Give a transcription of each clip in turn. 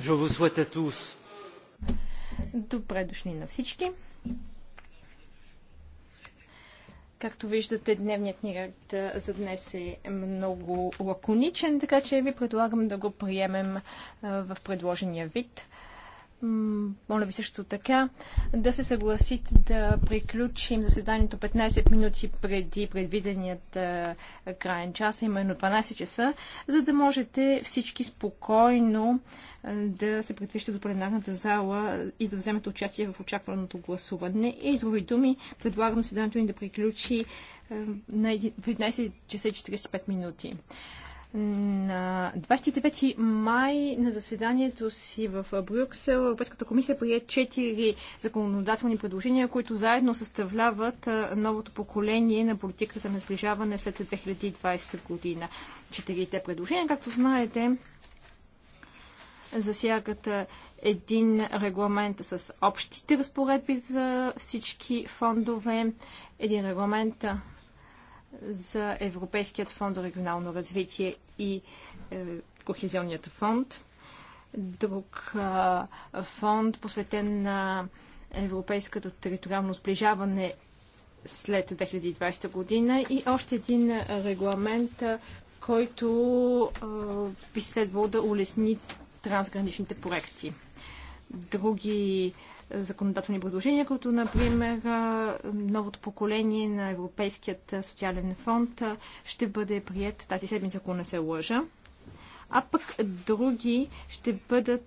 Je vous souhaite à tous. Добре дошли на всички. Както виждате, дневният ни ред за днес е много лаконичен, така че ви предлагам да го приемем в предложения вид. Моля ви също така да се съгласите да приключим заседанието 15 минути преди предвиденият краен час, именно 12 часа, за да можете всички спокойно да се предвижте до пленарната зала и да вземете участие в очакваното гласуване. И с други думи, предлагам заседанието ни да приключи на 11 часа и 45 минути. На 29 май на заседанието си в Брюксел Европейската комисия прие четири законодателни предложения, които заедно съставляват новото поколение на политиката на сближаване след 2020 година. Четирите предложения, както знаете, засягат един регламент с общите разпоредби за всички фондове, един регламент за Европейският фонд за регионално развитие и е, Кохезионният фонд. Друг е, фонд, посветен на европейското териториално сближаване след 2020 година и още един регламент, е, който е, би следвал да улесни трансграничните проекти. Други е, законодателни предложения, като например новото поколение на Европейският социален фонд ще бъде прият тази седмица, ако не се лъжа а пък други ще бъдат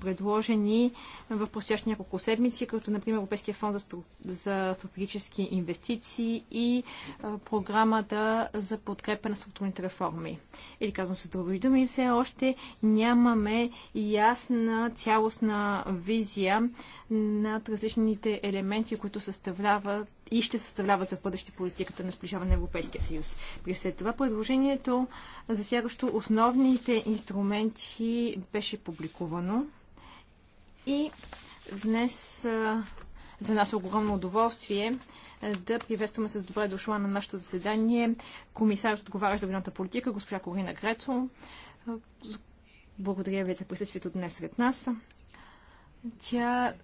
предложени в простящи няколко седмици, като например Европейския фонд за, за стратегически инвестиции и програмата за подкрепа на структурните реформи. Или казвам с други думи, все още нямаме ясна цялостна визия над различните елементи, които съставляват и ще съставлява за бъдеще политиката на сближаване на Европейския съюз. При след това предложението, засягащо основните инструменти, беше публикувано и днес за нас е огромно удоволствие да приветстваме с добре дошла на нашето заседание комисарът отговаря за вината политика, госпожа Корина Грецо. Благодаря ви за присъствието днес сред нас. Тя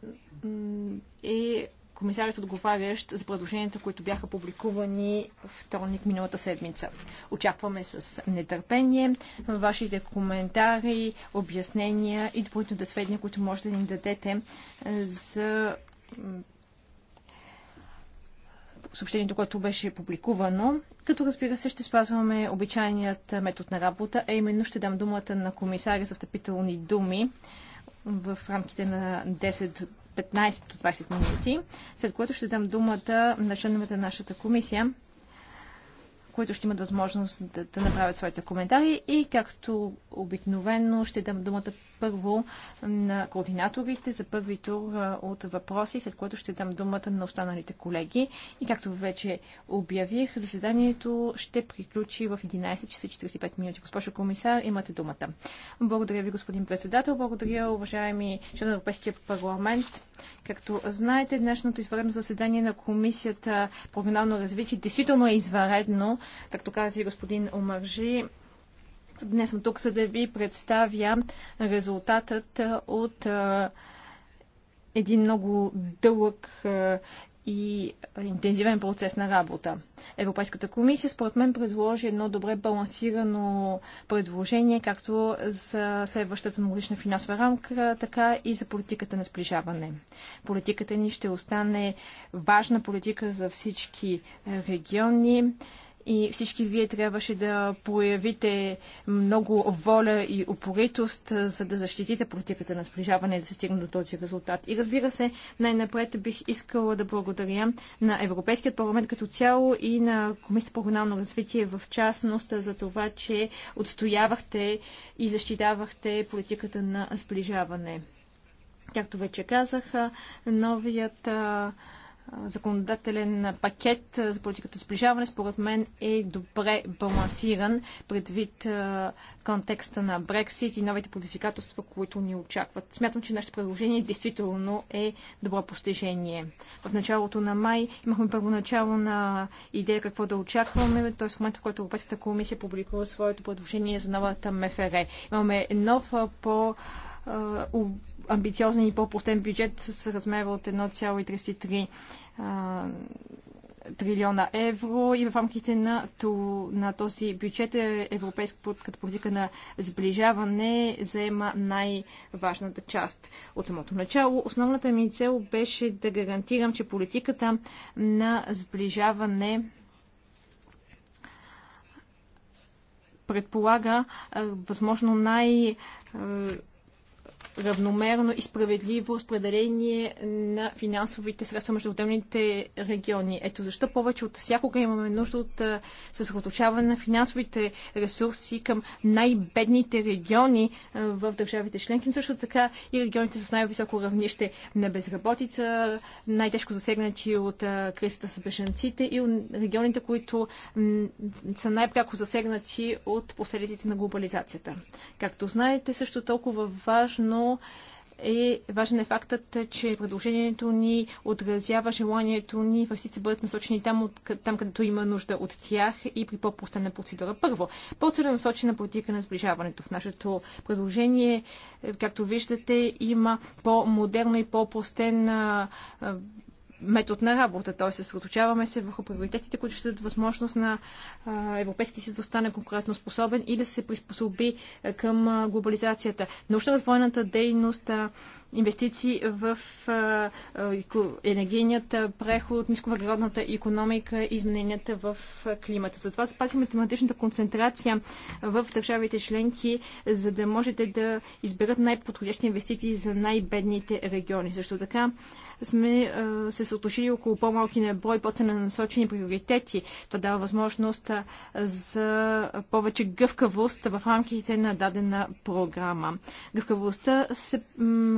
е комисарят отговарящ за предложенията, които бяха публикувани вторник миналата седмица. Очакваме с нетърпение вашите коментари, обяснения и допълнителните сведения, които може да ни дадете за съобщението, което беше публикувано, като разбира се ще спазваме обичайният метод на работа, а именно ще дам думата на комисаря за встъпителни думи в рамките на 10 15-20 минути, след което ще дам думата на членовете на нашата комисия, които ще имат възможност да, да направят своите коментари и както обикновено ще дам думата първо на координаторите за първи тур от въпроси, след което ще дам думата на останалите колеги. И както вече обявих, заседанието ще приключи в 11 часа 45 минути. Госпожо комисар, имате думата. Благодаря ви, господин председател. Благодаря, уважаеми член на Европейския парламент Както знаете, днешното извънредно заседание на Комисията по регионално развитие действително е извънредно, както каза и господин Омържи. Днес съм тук, за да ви представя резултатът от един много дълъг и интензивен процес на работа. Европейската комисия, според мен, предложи едно добре балансирано предложение, както за следващата многодишна финансова рамка, така и за политиката на сближаване. Политиката ни ще остане важна политика за всички региони и всички вие трябваше да проявите много воля и упоритост, за да защитите политиката на сближаване и да се стигне до този резултат. И разбира се, най-напред бих искала да благодаря на Европейският парламент като цяло и на Комисията по регионално развитие в частност за това, че отстоявахте и защитавахте политиката на сближаване. Както вече казах, новият законодателен пакет за политиката сближаване, според мен е добре балансиран предвид контекста на Брексит и новите предизвикателства, които ни очакват. Смятам, че нашето предложение действително е добро постижение. В началото на май имахме първоначално на идея какво да очакваме, т.е. в момента, в който Европейската комисия публикува своето предложение за новата МФР. Имаме нов по амбициозен и по-простен бюджет с размер от 1,33 трилиона евро и в рамките на, то, на този бюджет е европейската политика на сближаване заема най-важната част. От самото начало основната ми цел беше да гарантирам, че политиката на сближаване предполага възможно най- равномерно и справедливо разпределение на финансовите средства между отделните региони. Ето защо повече от всякога имаме нужда от съсредоточаване на финансовите ресурси към най-бедните региони в държавите членки, но също така и регионите с най-високо равнище на безработица, най-тежко засегнати от кризата с бежанците и регионите, които са най-пряко засегнати от последиците на глобализацията. Както знаете, също толкова важно е важен е фактът, че предложението ни отразява желанието ни се бъдат насочени там, от, там, където има нужда от тях и при по-простена процедура. Първо, по-целенасочена политика на сближаването. В нашето предложение, е, както виждате, има по-модерна и по-простена метод на работа, т.е. съсредоточаваме се върху приоритетите, които ще дадат възможност на Европейския съюз да остане конкурентно способен и да се приспособи към глобализацията. Научно-развойната дейност, инвестиции в енергийният преход, нисковъглеродната економика и измененията в климата. Затова запазим тематичната концентрация в държавите членки, за да можете да изберат най-подходящи инвестиции за най-бедните региони. Също така сме е, се съотношили около по-малки на брой, по насочени приоритети. Това дава възможност е, за повече гъвкавост в рамките на дадена програма. Гъвкавостта се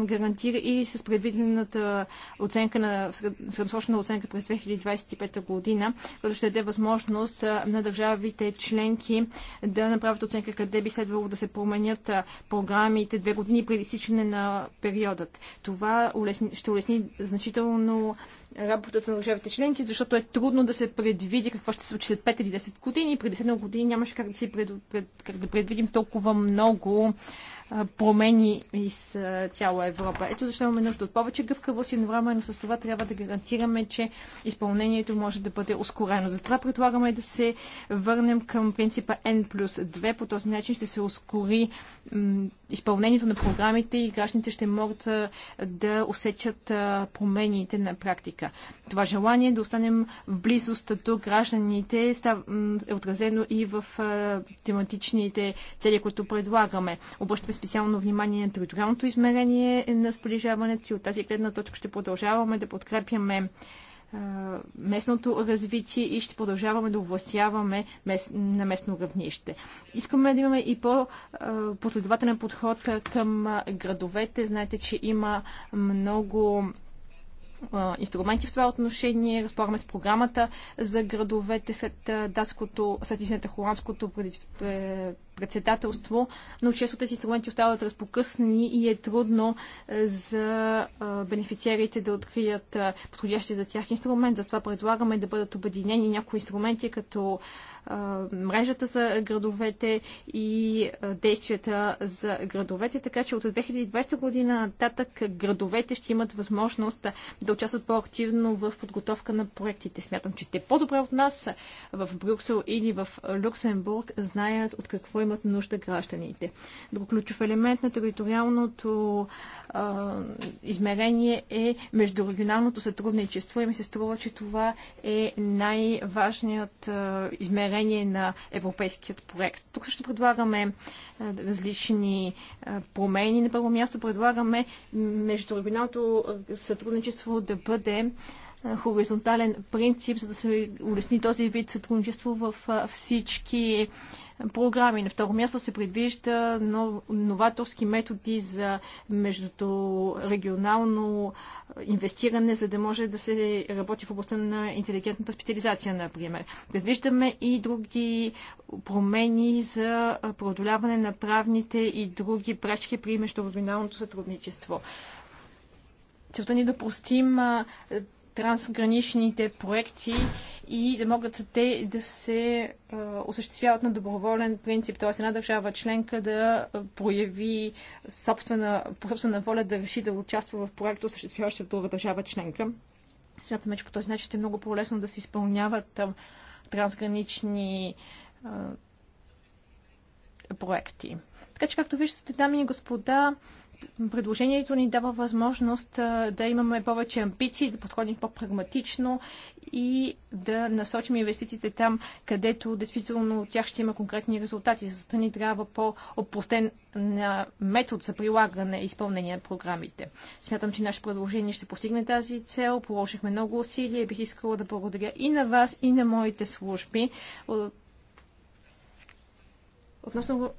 гарантира и с предвидената оценка на средносрочна оценка през 2025 година, която ще даде възможност е, на държавите членки да направят оценка къде би следвало да се променят програмите две години преди изтичане на периодът. Това ще улесни значително работата на държавите членки, защото е трудно да се предвиди какво ще се случи след 5 или 10 години. Преди 7 години нямаше как да, си пред, пред, как да предвидим толкова много промени из цяла Европа. Ето защо имаме нужда от повече гъвкавост и едновременно с това трябва да гарантираме, че изпълнението може да бъде ускорено. Затова предлагаме да се върнем към принципа N плюс 2. По този начин ще се ускори изпълнението на програмите и гражданите ще могат да усечат промените на практика. Това желание да останем в близост до гражданите е отразено и в тематичните цели, които предлагаме. Обръщаме специално внимание на териториалното измерение на сближаването и от тази гледна точка ще продължаваме да подкрепяме местното развитие и ще продължаваме да овластяваме мест, на местно равнище. Искаме да имаме и по-последователен подход към градовете. Знаете, че има много инструменти в това отношение. Разполагаме с програмата за градовете след датското, след холандското е, председателство, но често тези инструменти остават разпокъсани и е трудно е, за е, бенефициарите да открият е, подходящи за тях инструмент. Затова предлагаме да бъдат обединени някои инструменти, като мрежата за градовете и действията за градовете, така че от 2020 година нататък градовете ще имат възможност да участват по-активно в подготовка на проектите. Смятам, че те по-добре от нас в Брюксел или в Люксембург знаят от какво им имат нужда гражданите. Друг ключов елемент на териториалното а, измерение е междурегионалното сътрудничество и ми се струва, че това е най-важният измерение на европейският проект. Тук също предлагаме а, различни а, промени. На първо място предлагаме междурегионалното сътрудничество да бъде хоризонтален принцип, за да се улесни този вид сътрудничество в всички програми. На второ място се предвижда новаторски методи за регионално инвестиране, за да може да се работи в областта на интелигентната специализация, например. Предвиждаме и други промени за преодоляване на правните и други пречки при междурегионалното сътрудничество целта ни е да простим трансграничните проекти и да могат те да се а, осъществяват на доброволен принцип, т.е. една държава членка да прояви собствена, собствена воля да реши да участва в проект, осъществяващ друга държава членка. Смятаме, че по този начин е много по-лесно да се изпълняват а, трансгранични а, проекти. Така че, както виждате, дами и господа, предложението ни дава възможност да имаме повече амбиции, да подходим по-прагматично и да насочим инвестициите там, където действително от тях ще има конкретни резултати. Защото ни трябва по-опростен метод за прилагане и изпълнение на програмите. Смятам, че наше предложение ще постигне тази цел. Положихме много усилия. и Бих искала да благодаря и на вас, и на моите служби. Относно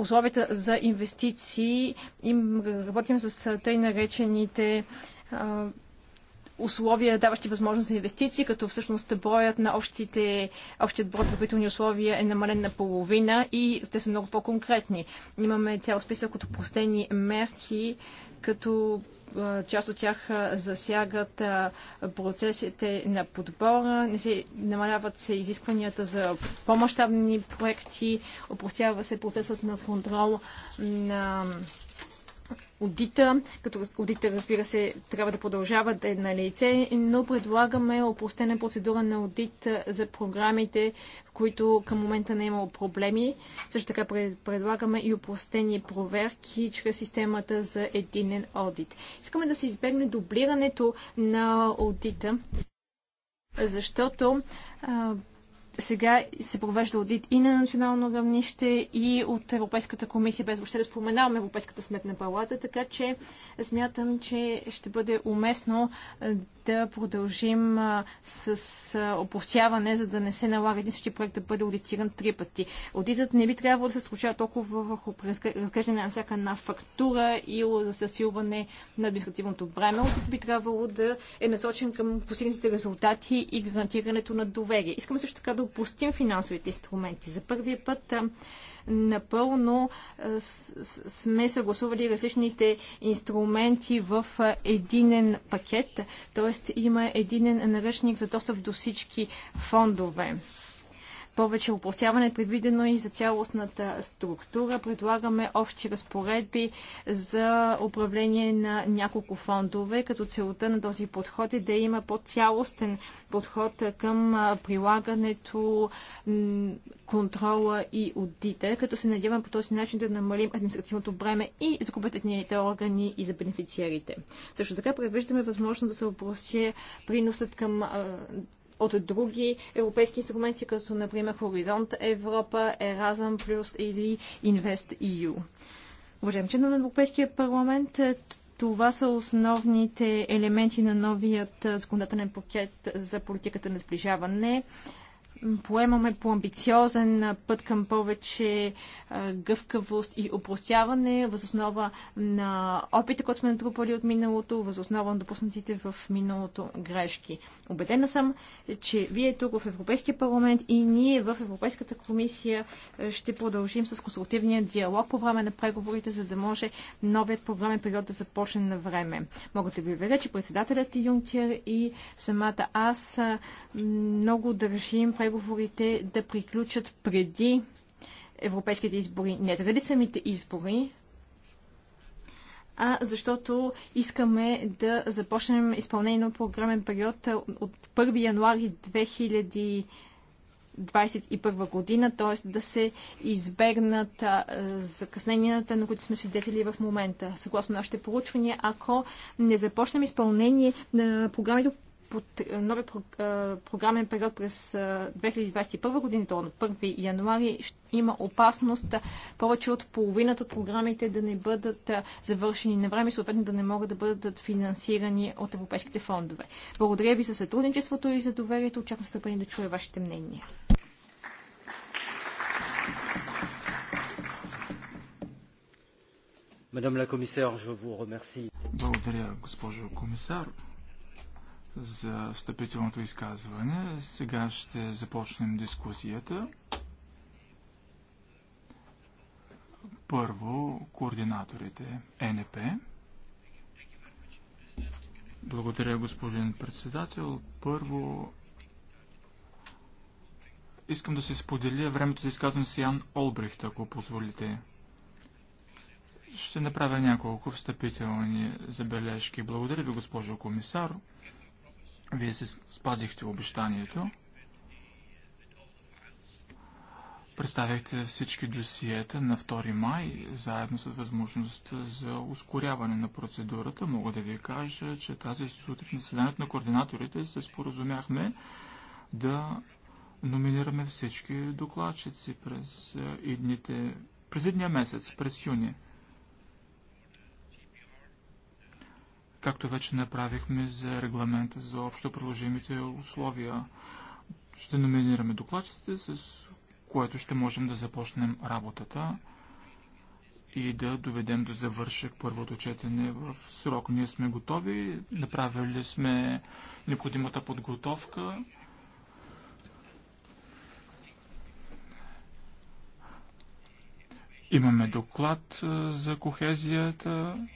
условията за инвестиции и работим с тъй наречените условия, даващи възможност за инвестиции, като всъщност броят на общите, общият брой предварителни условия е намален на половина и те са много по-конкретни. Имаме цял списък от простени мерки, като част от тях засягат процесите на подбора, не се намаляват се изискванията за по-масштабни проекти, опростява се процесът на контрол на одита, като одита, разбира се, трябва да продължава да е на лице, но предлагаме опростена процедура на одит за програмите, в които към момента не е имало проблеми. Също така предлагаме и опростени проверки чрез системата за единен одит. Искаме да се избегне дублирането на одита, защото сега се провежда аудит и на национално равнище, и от Европейската комисия, без въобще да споменаваме Европейската сметна палата, така че смятам, че ще бъде уместно да продължим с опосяване, за да не се налага един същи проект да бъде аудитиран три пъти. Аудитът не би трябвало да се случва толкова върху разглеждане на всяка една фактура и за засилване на административното бреме. Аудитът би трябвало да е насочен към постигнатите резултати и гарантирането на доверие. Искаме също така да опустим финансовите инструменти. За първия път напълно сме съгласували различните инструменти в единен пакет, т.е. има единен наръчник за достъп до всички фондове повече опросяване е предвидено и за цялостната структура. Предлагаме общи разпоредби за управление на няколко фондове, като целта на този подход е да има по-цялостен подход към прилагането, контрола и аудита, като се надяваме по този начин да намалим административното бреме и за компетентните органи и за бенефициарите. Също така предвиждаме възможност да се опрости приносът към от други европейски инструменти, като например Хоризонт Европа, Еразъм Плюс или Инвест EU. Уважаем че на Европейския парламент, това са основните елементи на новият законодателен пакет за политиката на сближаване поемаме по амбициозен път към повече гъвкавост и упростяване, възоснова на опита, който сме натрупали от миналото, възоснова на допуснатите в миналото грешки. Обедена съм, че вие тук в Европейския парламент и ние в Европейската комисия ще продължим с консултивния диалог по време на преговорите, за да може новият програмен период да започне на време. Мога да ви уверя, че председателят Юнкер и самата аз много държим преговорите преговорите да приключат преди европейските избори. Не заради самите избори, а защото искаме да започнем изпълнение на програмен период от 1 януари 2021 година, т.е. да се избегнат закъсненията, на които сме свидетели в момента. Съгласно нашите проучвания, ако не започнем изпълнение на програмите е, новия е, програмен период през 2021 е, година, то на 1 януари, има опасност повече от половината от програмите да не бъдат завършени на време и съответно да не могат да бъдат финансирани от европейските фондове. Благодаря ви за сътрудничеството и за доверието. Очаквам стъпени да чуя вашите мнения. Madame la commissaire, je vous remercie. Благодаря, госпожо комисар за встъпителното изказване. Сега ще започнем дискусията. Първо, координаторите НП. Благодаря, господин председател. Първо, искам да се споделя времето за изказване с Ян Олбрехт, ако позволите. Ще направя няколко встъпителни забележки. Благодаря ви, госпожо комисар. Вие се спазихте обещанието. Представяхте всички досиета на 2 май, заедно с възможността за ускоряване на процедурата. Мога да ви кажа, че тази сутрин на заседанието на координаторите се споразумяхме да номинираме всички докладчици през, едните, през едния месец, през юни. както вече направихме за регламента за общо приложимите условия. Ще номинираме докладчиците, с което ще можем да започнем работата и да доведем до завършек първото четене в срок. Ние сме готови, направили сме необходимата подготовка. Имаме доклад за кохезията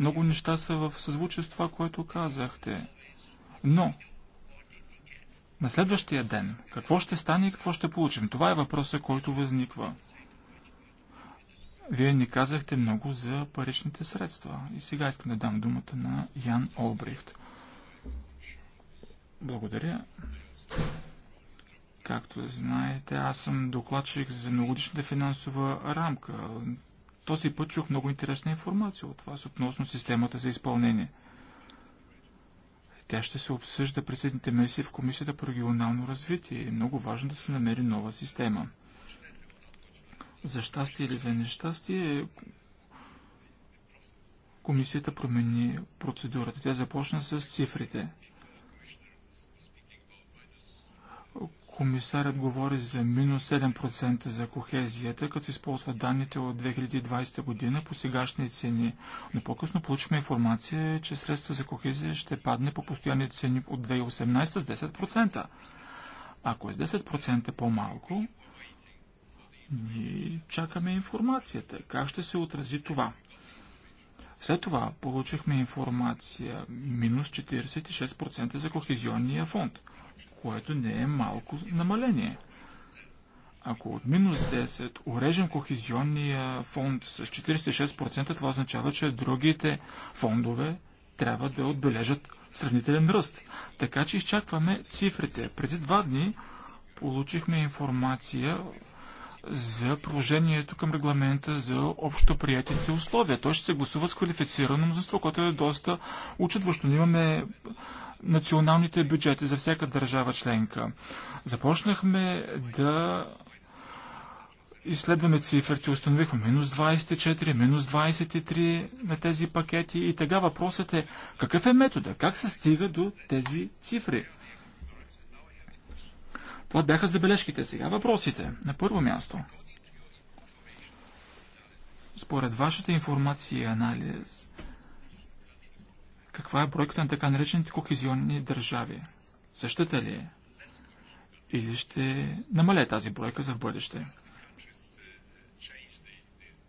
много неща са в съзвучие с това, което казахте. Но, на следващия ден, какво ще стане и какво ще получим? Това е въпросът, който възниква. Вие ни казахте много за паричните средства. И сега искам да дам думата на Ян Олбрихт. Благодаря. Както знаете, аз съм докладчик за многодишната финансова рамка. Този път чух много интересна информация от вас относно системата за изпълнение. Тя ще се обсъжда през следните месеци в Комисията по регионално развитие. Е много важно да се намери нова система. За щастие или за нещастие, Комисията промени процедурата. Тя започна с цифрите. Комисарят говори за минус 7% за кохезията, като се използва данните от 2020 година по сегашни цени. Но по-късно получихме информация, че средства за кохезия ще падне по постоянни цени от 2018 с 10%. Ако е с 10% по-малко, ние чакаме информацията. Как ще се отрази това? След това получихме информация минус 46% за кохезионния фонд – което не е малко намаление. Ако от минус 10 урежем кохезионния фонд с 46%, това означава, че другите фондове трябва да отбележат сравнителен ръст. Така че изчакваме цифрите. Преди два дни получихме информация за приложението към регламента за общо приятите условия. Той ще се гласува с квалифицирано мнозинство, което е доста учетващо. Имаме националните бюджети за всяка държава членка. Започнахме да изследваме цифрите, установихме минус 24, минус 23 на тези пакети и тега въпросът е какъв е метода, как се стига до тези цифри. Това бяха забележките. Сега въпросите. На първо място. Според вашата информация и анализ, каква е бройката на така наречените кохезионни държави? Същата ли е? Или ще намаля тази бройка за в бъдеще?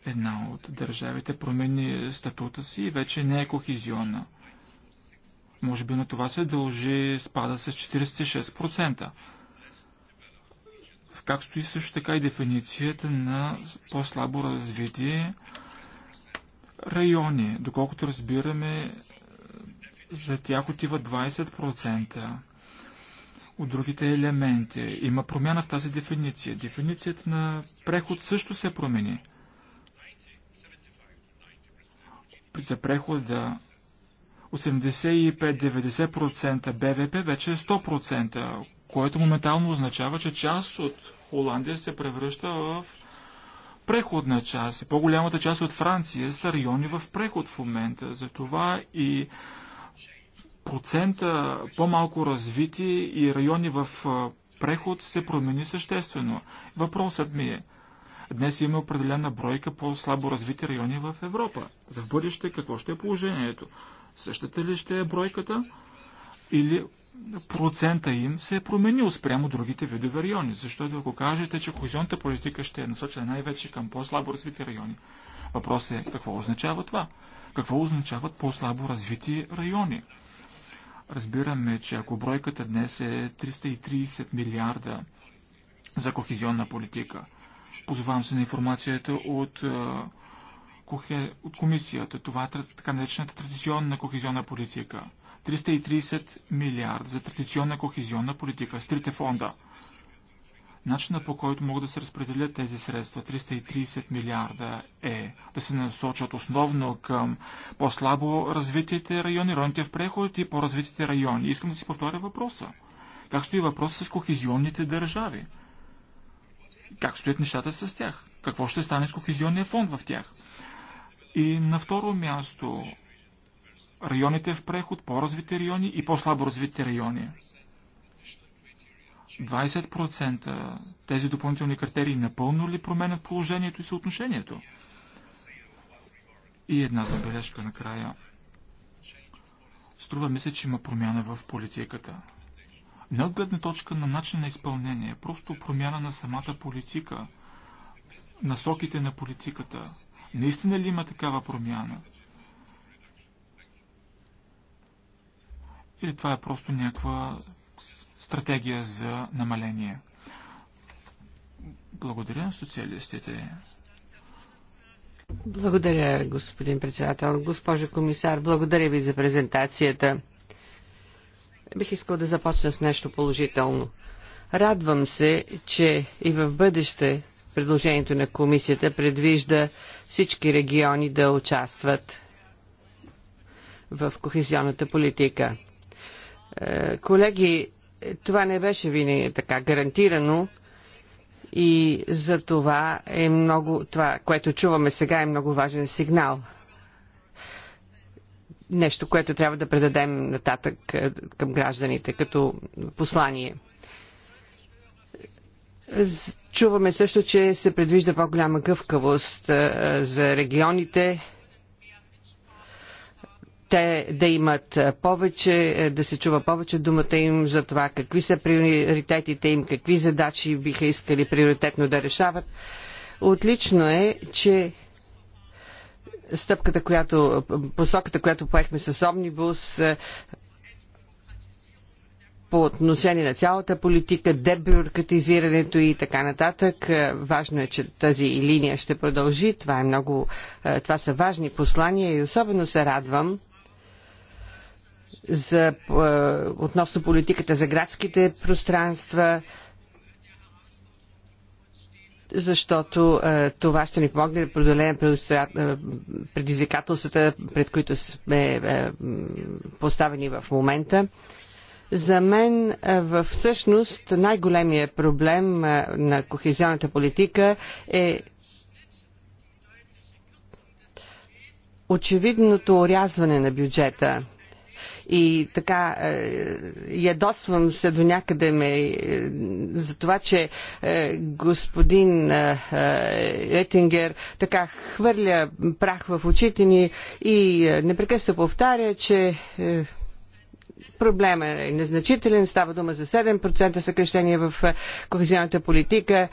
Една от държавите промени статута си и вече не е кохезионна. Може би на това се дължи спада с 46%. Как стои също така и дефиницията на по-слабо развитие райони. Доколкото разбираме, за тях отива 20% от другите елементи. Има промяна в тази дефиниция. Дефиницията на преход също се промени. За прехода 85-90% БВП вече е 100%, което моментално означава, че част от Холандия се превръща в преходна част. По-голямата част от Франция са райони в преход в момента. Затова и процента по-малко развити и райони в преход се промени съществено. Въпросът ми е, днес има определена бройка по-слабо развити райони в Европа. За бъдеще какво ще е положението? Същата ли ще е бройката? Или процента им се е променил спрямо другите видове райони? Защото ако кажете, че кохезионната политика ще е насочена най-вече към по-слабо развити райони, въпросът е какво означава това? Какво означават по-слабо развити райони? Разбираме, че ако бройката днес е 330 милиарда за кохезионна политика, позовавам се на информацията от, е, от комисията. Това е така наречената традиционна кохезионна политика. 330 милиарда за традиционна кохезионна политика с трите фонда – Начина по който могат да се разпределят тези средства, 330 милиарда е да се насочат основно към по-слабо развитите райони, районите в преход и по-развитите райони. Искам да си повторя въпроса. Как стои въпроса с кохезионните държави? Как стоят нещата с тях? Какво ще стане с кохезионния фонд в тях? И на второ място, районите в преход, по-развити райони и по-слабо развитите райони. 20% тези допълнителни критерии напълно ли променят положението и съотношението? И една забележка накрая. Струва ми се, че има промяна в политиката. Не от гледна точка на начин на изпълнение, просто промяна на самата политика, насоките на политиката. Наистина ли има такава промяна? Или това е просто някаква стратегия за намаление. Благодаря социалистите. Благодаря, господин председател. Госпожо комисар, благодаря ви за презентацията. Бих искал да започна с нещо положително. Радвам се, че и в бъдеще предложението на комисията предвижда всички региони да участват в кохезионната политика. Е, колеги, това не беше винаги така гарантирано и за това е много, това, което чуваме сега е много важен сигнал. Нещо, което трябва да предадем нататък е, към гражданите като послание. Чуваме също, че се предвижда по-голяма гъвкавост е, за регионите, те да имат е, повече, е, да се чува повече думата им за това какви са приоритетите им, какви задачи биха искали приоритетно да решават. Отлично е, че стъпката, която, посоката, която поехме с Омнибус, е, по отношение на цялата политика, дебюрократизирането и така нататък. Важно е, че тази линия ще продължи. Това, е много, това са важни послания и особено се радвам, за, е, относно политиката за градските пространства, защото е, това ще ни помогне да преодолеем е, предизвикателствата, пред които сме поставени в момента. За мен в всъщност най-големия проблем на кохезионната политика е очевидното орязване на бюджета – и така е, ядосвам се до някъде ме е, за това, че е, господин Етингер така хвърля прах в очите ни и непрекъснато повтаря, че проблема е незначителен, става дума за 7% съкрещение в кохезионната политика,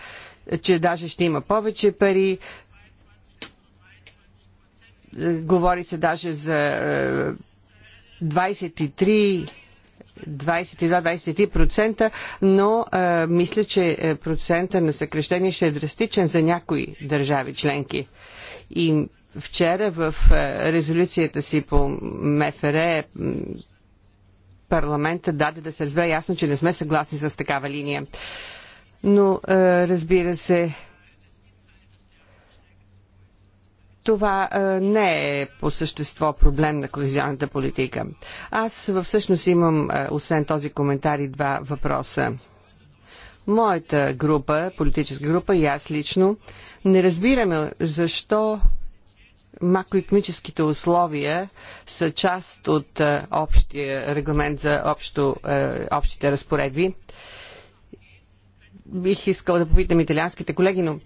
че даже ще има повече пари, говори се даже за 22-23%, но а, е, мисля, че е, процента на съкрещение ще е драстичен за някои държави членки. И вчера в е, резолюцията си по МФР парламента даде да се разбере ясно, че не сме съгласни с такава линия. Но, разбира се, това не е по същество проблем на кохезионната политика. Аз всъщност имам, освен този коментар, и два въпроса. Моята група, политическа група и аз лично, не разбираме защо макроекономическите условия са част от общия регламент за общо, общите разпоредби. Бих искал да попитам италианските колеги, но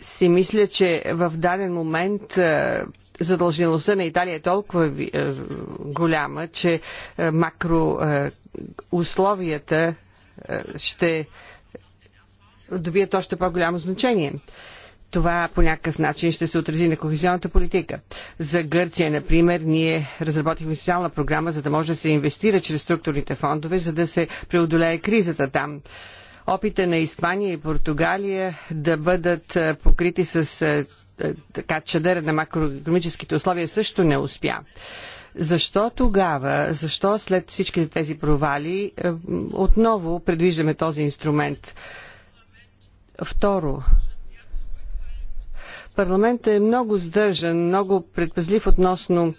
си мисля, че в даден момент е, задължеността на Италия е толкова е, голяма, че е, макроусловията ще добият още по-голямо значение. Това по някакъв начин ще се отрази на кохезионната политика. За Гърция, например, ние разработихме специална програма, за да може да се инвестира чрез структурните фондове, за да се преодолее кризата там опита на Испания и Португалия да бъдат е, покрити с е, е, така чадъра на макроекономическите условия също не успя. Защо тогава, защо след всичките тези провали отново предвиждаме този инструмент? Второ, парламентът е много сдържан, много предпазлив относно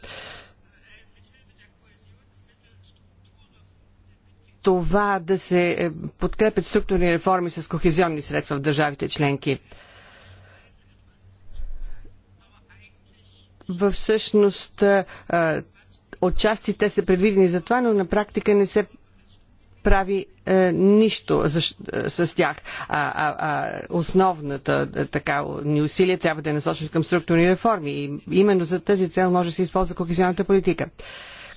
това да се е, подкрепят структурни реформи с кохезионни средства в държавите членки. Във всъщност е, е, отчасти те са предвидени за това, но на практика не се прави е, нищо за, е, с тях. А, а, а основната е, така ни усилия трябва да е насочено към структурни реформи. И именно за тази цел може да се използва кохезионната политика,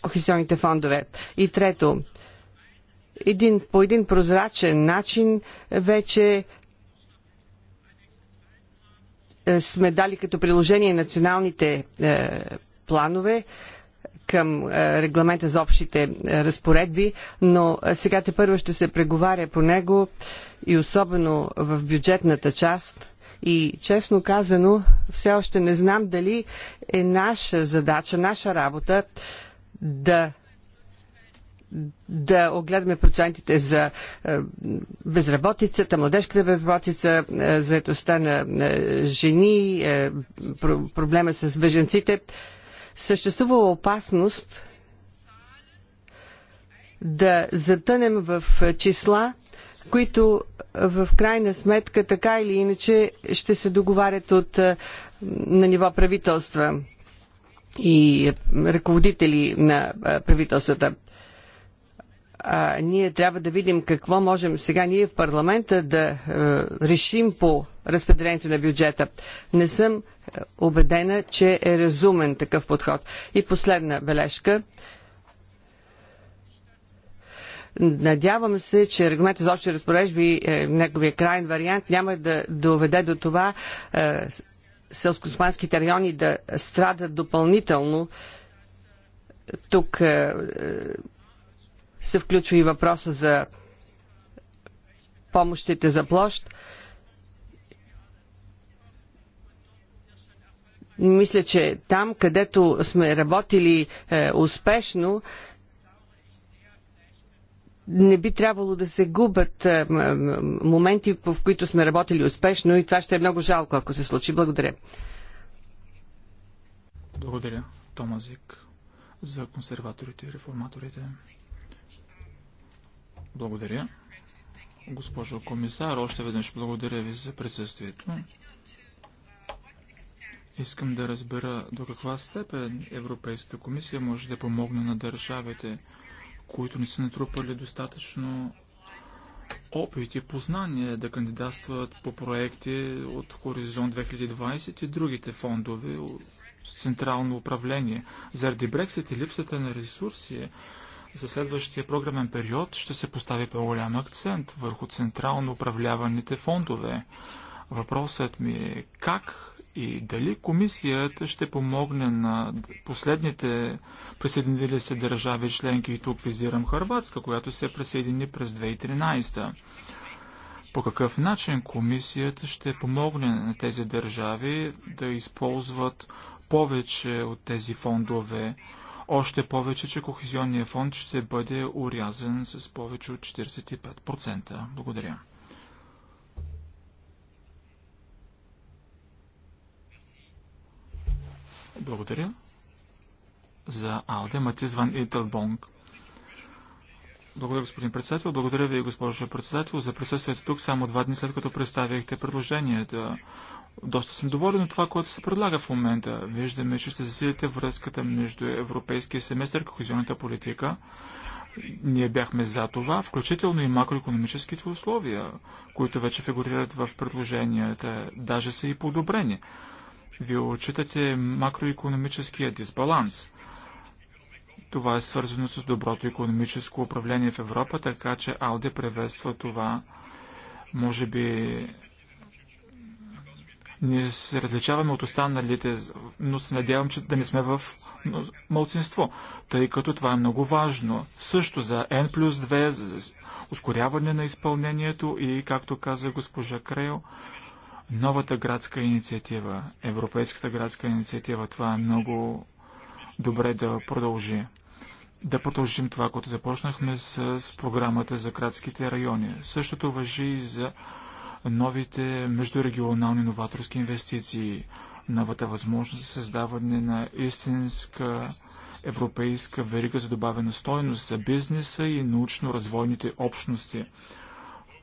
кохезионните фондове. И трето, е, един, по един прозрачен начин вече е, сме дали като приложение националните е, планове към е, регламента за общите е, разпоредби, но е, сега те първо ще се преговаря по него и особено в бюджетната част. И честно казано, все още не знам дали е наша задача, наша работа да да огледаме процентите за е, безработицата, младежката безработица, е, заедостта на жени, е, проблема с беженците. Съществува опасност да затънем в числа, които в крайна сметка така или иначе ще се договарят от, на ниво правителства и ръководители на правителствата а, ние трябва да видим какво можем сега ние в парламента да а, е, решим по разпределението на бюджета. Не съм е, убедена, че е разумен такъв подход. И последна бележка. Надявам се, че регламентът за общи разпорежби, е, неговия крайен вариант, няма да доведе до това е, селскостопанските райони да страдат допълнително. Тук е, е се включва и въпроса за помощите за площ. Мисля, че там, където сме работили е, успешно, не би трябвало да се губят е, моменти, в които сме работили успешно и това ще е много жалко, ако се случи. Благодаря. Благодаря, Томазик, за консерваторите и реформаторите. Благодаря. Госпожо комисар, още веднъж благодаря ви за присъствието. Искам да разбера до каква степен Европейската комисия може да помогне на държавите, които не са натрупали достатъчно опит и познание да кандидатстват по проекти от Хоризонт 2020 и другите фондове с централно управление. Заради Брексит и липсата на ресурси, за следващия програмен период ще се постави по-голям акцент върху централно управляваните фондове. Въпросът ми е как и дали комисията ще помогне на последните присъединили се държави членки и тук визирам Харватска, която се присъедини през 2013. По какъв начин комисията ще помогне на тези държави да използват повече от тези фондове? Още повече, че Кохезионния фонд ще бъде урязан с повече от 45%. Благодаря. Благодаря. За Алде Матизван Ван Ителбонг. Благодаря, господин председател. Благодаря ви, госпожо председател, за присъствието тук само два дни след като представихте предложението. Доста съм доволен от това, което се предлага в момента. Виждаме, че ще засилите връзката между европейския семестър и кохезионната политика. Ние бяхме за това, включително и макроекономическите условия, които вече фигурират в предложенията, даже са и подобрени. Вие отчитате макроекономическия дисбаланс. Това е свързано с доброто економическо управление в Европа, така че Алде превества това. Може би не се различаваме от останалите, но се надявам, че да не сме в мълцинство, тъй като това е много важно. Също за N плюс 2, за ускоряване на изпълнението и, както каза госпожа Крео, новата градска инициатива, европейската градска инициатива, това е много добре да продължи. Да продължим това, което започнахме с програмата за градските райони. Същото въжи и за новите междурегионални новаторски инвестиции, новата възможност за създаване на истинска европейска верига за добавена стойност за бизнеса и научно-развойните общности,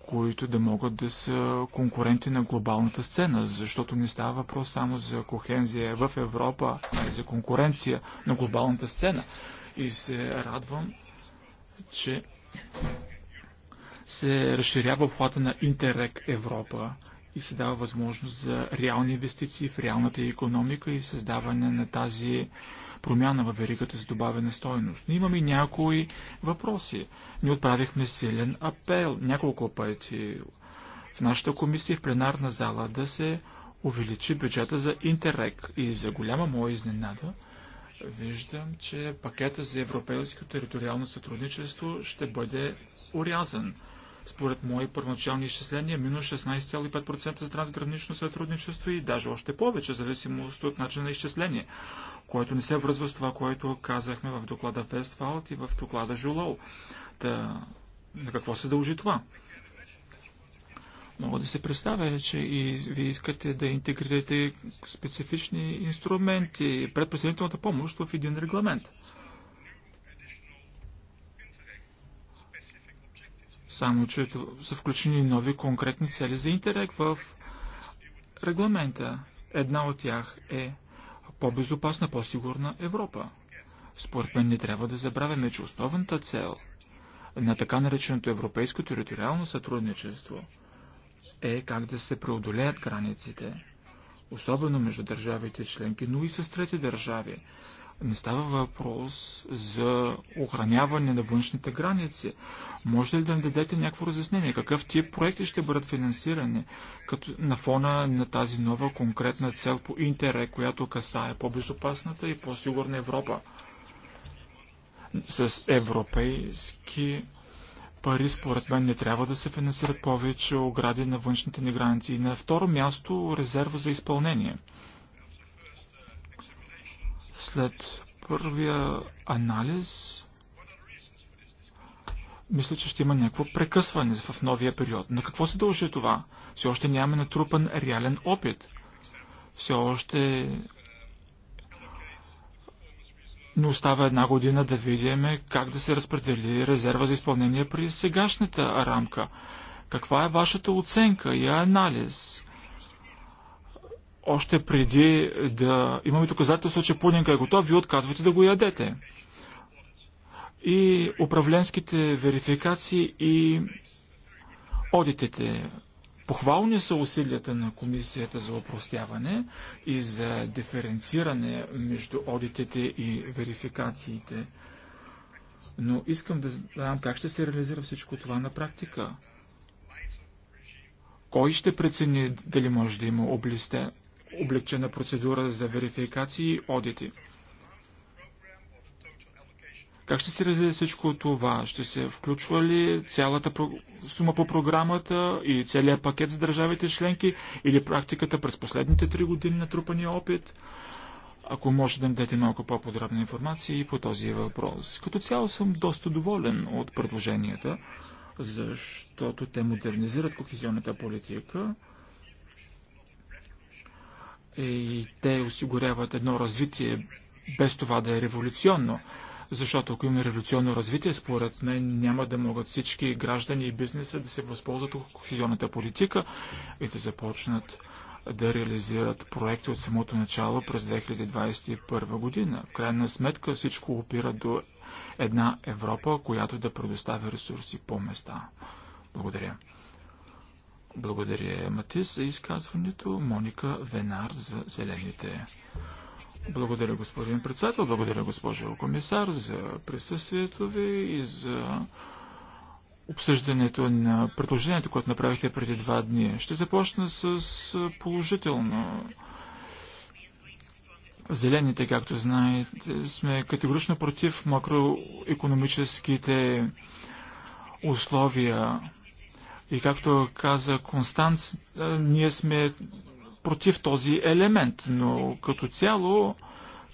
които да могат да са конкуренти на глобалната сцена, защото не става въпрос само за кохензия в Европа, а и за конкуренция на глобалната сцена. И се радвам, че се разширява обхвата на Интерек Европа и се дава възможност за реални инвестиции в реалната економика и създаване на тази промяна във веригата за добавена стойност. Но имаме и някои въпроси. Ние отправихме силен апел няколко пъти в нашата комисия в пленарна зала да се увеличи бюджета за Интерек. И за голяма моя изненада виждам, че пакета за европейското териториално сътрудничество ще бъде урязан. Според мои първоначални изчисления, минус 16,5% за трансгранично сътрудничество и даже още повече, зависимост от начина на изчисление, което не се връзва с това, което казахме в доклада Вестфалт и в доклада Жулол. Та, на какво се дължи това? Мога да се представя, че и вие искате да интегрирате специфични инструменти, предпредседителната помощ в един регламент. Само, че са включени нови конкретни цели за интерек в регламента. Една от тях е по-безопасна, по-сигурна Европа. Според мен не трябва да забравяме, че основната цел на така нареченото европейско териториално сътрудничество е как да се преодолеят границите, особено между държавите членки, но и с трети държави, не става въпрос за охраняване на външните граници. Може ли да ни дадете някакво разяснение? Какъв тип проекти ще бъдат финансирани като на фона на тази нова конкретна цел по Интере, която касае по-безопасната и по-сигурна Европа? С европейски пари, според мен, не трябва да се финансират повече огради на външните ни граници. И на второ място резерва за изпълнение – след първия анализ, мисля, че ще има някакво прекъсване в новия период. На какво се дължи това? Все още нямаме натрупан реален опит. Все още не остава една година да видим как да се разпредели резерва за изпълнение при сегашната рамка. Каква е вашата оценка и анализ? още преди да имаме доказателство, че пудинга е готов, вие отказвате да го ядете. И управленските верификации и одитите. Похвални са усилията на Комисията за опростяване и за диференциране между одитите и верификациите. Но искам да знам как ще се реализира всичко това на практика. Кой ще прецени дали може да има облисте, облегчена процедура за верификации и одити. Как ще се развие всичко това? Ще се включва ли цялата сума по програмата и целият пакет за държавите членки или практиката през последните три години на трупания опит? Ако може да им дадете малко по-подробна информация и по този въпрос. Като цяло съм доста доволен от предложенията, защото те модернизират кохезионната политика е, и те осигуряват едно развитие, без това да е революционно. Защото ако има революционно развитие, според мен няма да могат всички граждани и бизнеса да се възползват от кохезионната политика и да започнат да реализират проекти от самото начало през 2021 година. В крайна сметка всичко опира до една Европа, която да предоставя ресурси по места. Благодаря. Благодаря Матис за изказването. Моника Венар за зелените. Благодаря, господин председател. Благодаря, госпожо комисар, за присъствието ви и за обсъждането на предложението, което направихте преди два дни. Ще започна с положително. Зелените, както знаете, сме категорично против макроекономическите условия и както каза Констанц, ние сме против този елемент, но като цяло,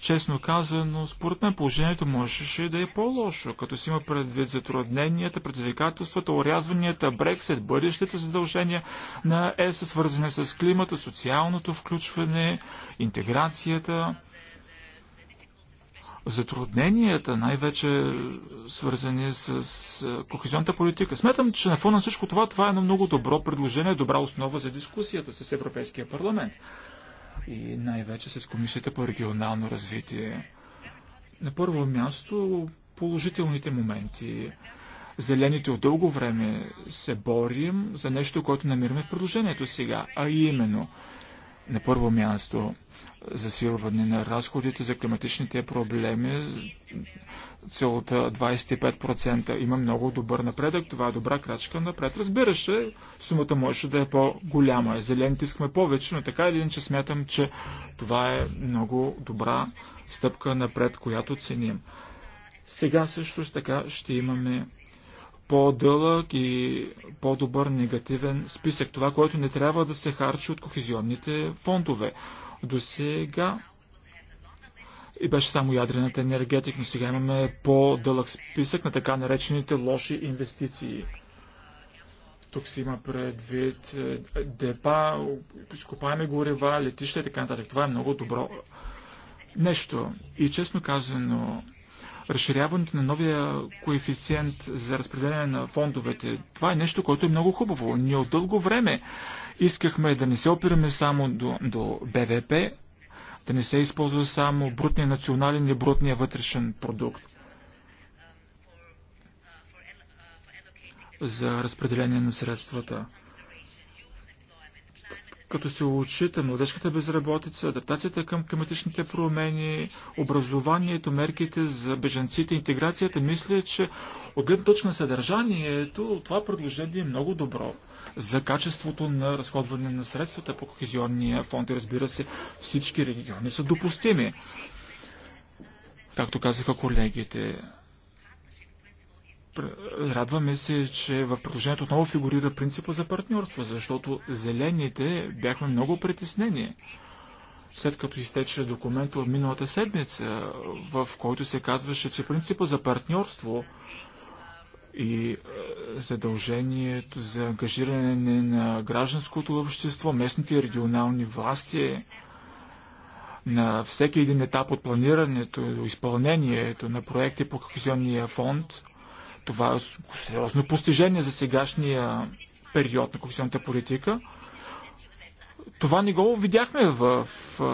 честно казано, според мен положението можеше да е по-лошо, като си има предвид затрудненията, предизвикателствата, урязванията, Брексит, бъдещите задължения на ЕС, свързани с климата, социалното включване, интеграцията затрудненията, най-вече свързани с кохезионната политика. Смятам, че на фона на всичко това, това е едно много добро предложение, добра основа за дискусията с Европейския парламент и най-вече с Комисията по регионално развитие. На първо място положителните моменти. Зелените от дълго време се борим за нещо, което намираме в предложението сега, а именно на първо място – засилване на разходите за климатичните проблеми. Целта 25% има много добър напредък. Това е добра крачка напред. Разбира се, сумата може да е по-голяма. Зелените искаме повече, но така един че смятам, че това е много добра стъпка напред, която ценим. Сега също така ще имаме по-дълъг и по-добър негативен списък. Това, което не трябва да се харчи от кохезионните фондове. До сега и беше само ядрената енергетик, но сега имаме по-дълъг списък на така наречените лоши инвестиции. Тук се има предвид е, депа, изкопаеми горива, летища и така нататък. Това е много добро нещо. И честно казано, разширяването на новия коефициент за разпределение на фондовете, това е нещо, което е много хубаво. Ние от дълго време Искахме да не се опираме само до, до БВП, да не се използва само брутния национален и брутния вътрешен продукт. за разпределение на средствата. Като се учита младежката безработица, адаптацията към климатичните промени, образованието, мерките за бежанците, интеграцията, мисля, че от гледна точка на съдържанието, това предложение е много добро за качеството на разходване на средствата по кохезионния фонд и разбира се всички региони са допустими. Както казаха колегите, радваме се, че в предложението отново фигурира принципа за партньорство, защото зелените бяхме много притеснени след като изтече документ от миналата седмица, в който се казваше, че принципа за партньорство и е, задължението за ангажиране на гражданското общество, местните и регионални власти на всеки един етап от планирането, и изпълнението на проекти по Кохезионния фонд. Това е сериозно постижение за сегашния период на кохезионната политика. Това не го видяхме в е,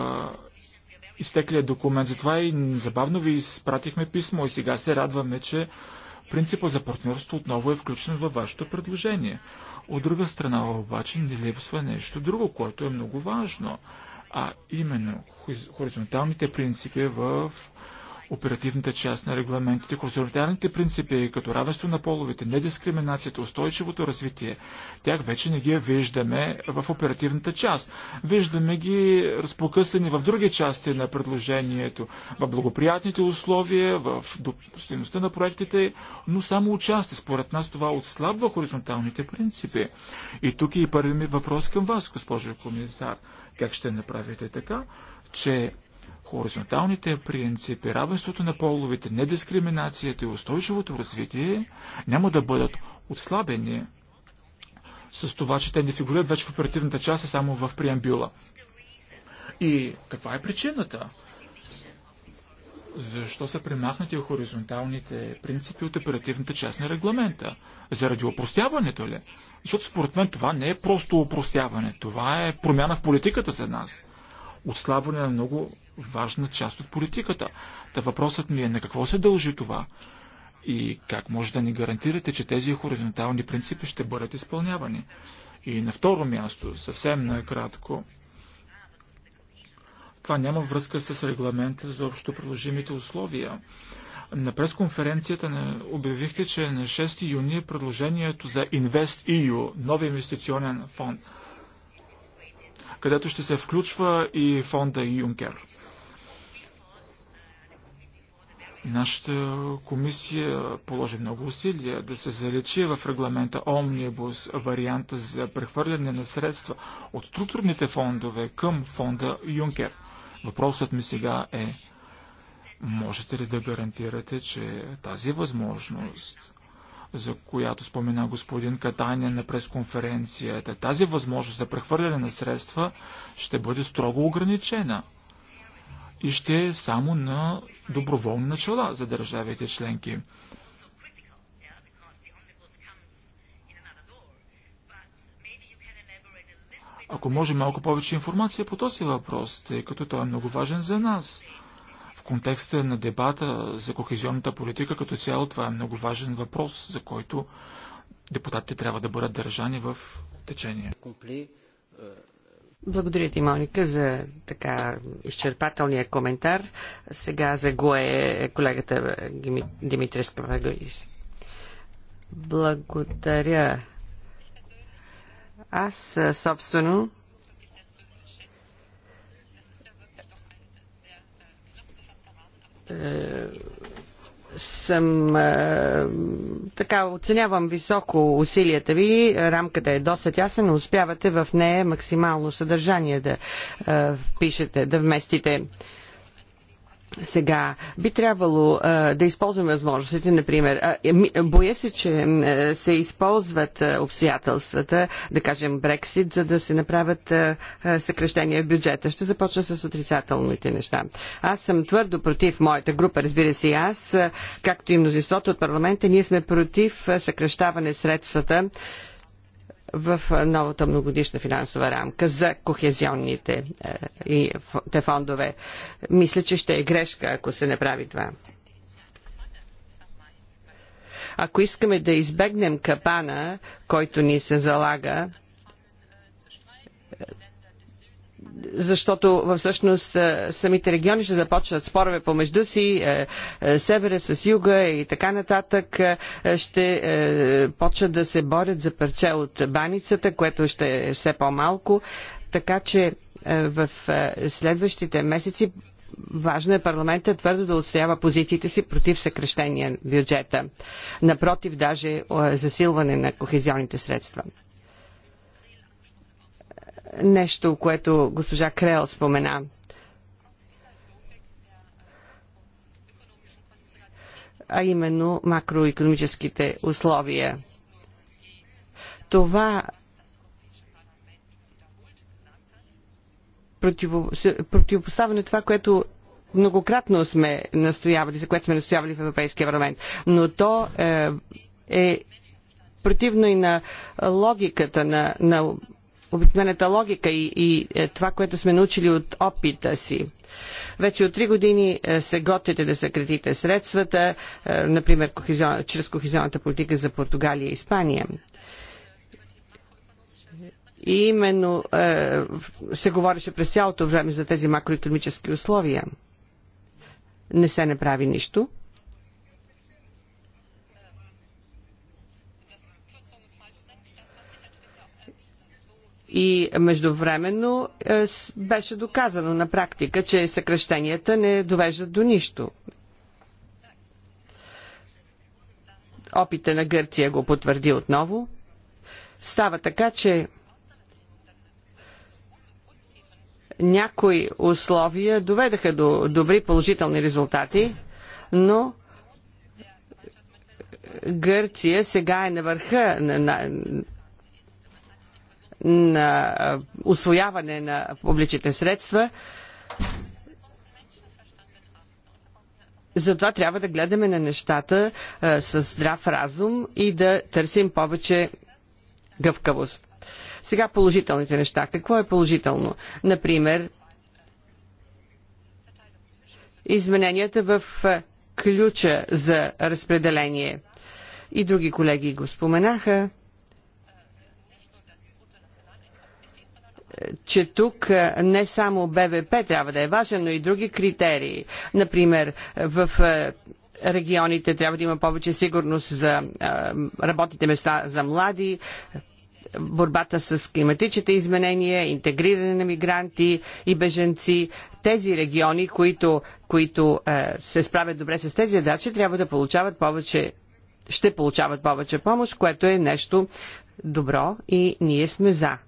изтеклият документ. Затова и забавно ви изпратихме писмо и сега се радваме, че Принципа за партньорство отново е включен във вашето предложение. От друга страна обаче ни липсва нещо друго, което е много важно, а именно хоризонталните принципи в оперативната част на регламентите, хоризонталните принципи, като равенство на половите, недискриминацията, устойчивото развитие, тях вече не ги виждаме в оперативната част. Виждаме ги разпокъсани в други части на предложението, в благоприятните условия, в допустимостта на проектите, но само участие. Според нас това отслабва хоризонталните принципи. И тук е и първи ми въпрос към вас, госпожо комисар. Как ще направите така, че хоризонталните принципи, равенството на половите, недискриминацията и устойчивото развитие няма да бъдат отслабени с това, че те не фигурират вече в оперативната част, а само в преамбюла. И каква е причината? Защо са премахнати хоризонталните принципи от оперативната част на регламента? Заради опростяването ли? Защото според мен това не е просто опростяване, това е промяна в политиката за нас отслабване на много важна част от политиката. Та въпросът ми е на какво се дължи това и как може да ни гарантирате, че тези хоризонтални принципи ще бъдат изпълнявани. И на второ място, съвсем накратко, това няма връзка с регламента за общо приложимите условия. На пресконференцията обявихте, че на 6 юни предложението за InvestEU, нови инвестиционен фонд, където ще се включва и фонда Юнкер. Нашата комисия положи много усилия да се залечи в регламента Омнибус варианта за прехвърляне на средства от структурните фондове към фонда Юнкер. Въпросът ми сега е, можете ли да гарантирате, че тази възможност за която спомена господин Катания на пресконференцията. Тази възможност за прехвърляне на средства ще бъде строго ограничена и ще е само на доброволни начала за държавите членки. Ако може малко повече информация по този въпрос, тъй като той е много важен за нас – контекста на дебата за кохезионната политика като цяло това е много важен въпрос, за който депутатите трябва да бъдат държани в течение. Благодаря ти, Моника, за така изчерпателния коментар. Сега за го е колегата Димитрис Павагоис. Благодаря. Аз собствено Е, съм е, така оценявам високо усилията ви. Рамката е доста тясна, но успявате в нея максимално съдържание да е, пишете, да вместите сега би трябвало а, да използваме възможностите, например. А, е, боя се, че а, е, се използват а, обстоятелствата, да кажем Брексит, за да се направят а, а, съкрещения в бюджета. Ще започна с отрицателните неща. Аз съм твърдо против моята група, разбира се и аз, а, както и мнозинството от парламента, ние сме против а, съкрещаване средствата. А, в новата многодишна финансова рамка за кохезионните е, и те фондове. Мисля, че ще е грешка, ако се направи това. Ако искаме да избегнем капана, който ни се залага, защото всъщност самите региони ще започнат спорове помежду си, е, е, севера с юга и така нататък, е, ще почнат да се борят за парче от баницата, което ще е все по-малко. Така че в следващите месеци Важно е парламента твърдо да отстоява позициите си против съкрещения на бюджета. Напротив, даже засилване на кохезионните средства нещо, което госпожа Крел спомена. а именно макроекономическите условия. Това противопоставяне това, което многократно сме настоявали, за което сме настоявали в Европейския парламент. Но то е, е противно и на логиката на, на обикновената логика и, и е, това, което сме научили от опита си. Вече от три години е, се готвите да съкратите средствата, е, например кохизион, чрез кохизионната политика за Португалия и Испания. И именно е, се говореше през цялото време за тези макроекономически условия. Не се направи нищо. И междувременно е, беше доказано на практика, че съкръщенията не довеждат до нищо. Опита на Гърция го потвърди отново. Става така, че някои условия доведаха до добри положителни резултати, но Гърция сега е на върха на, на, на освояване на публичните средства, затова трябва да гледаме на нещата а, с здрав разум и да търсим повече гъвкавост. Сега положителните неща. Какво е положително? Например, измененията в ключа за разпределение. И други колеги го споменаха. че тук е, не само БВП трябва да е важен, но и други критерии. Например, в е, регионите трябва да има повече сигурност за е, работните места за млади, борбата с климатичните изменения, интегриране на мигранти и беженци. Тези региони, които, които се справят добре с тези задачи, трябва да получават повече ще получават повече помощ, което е нещо добро и ние сме за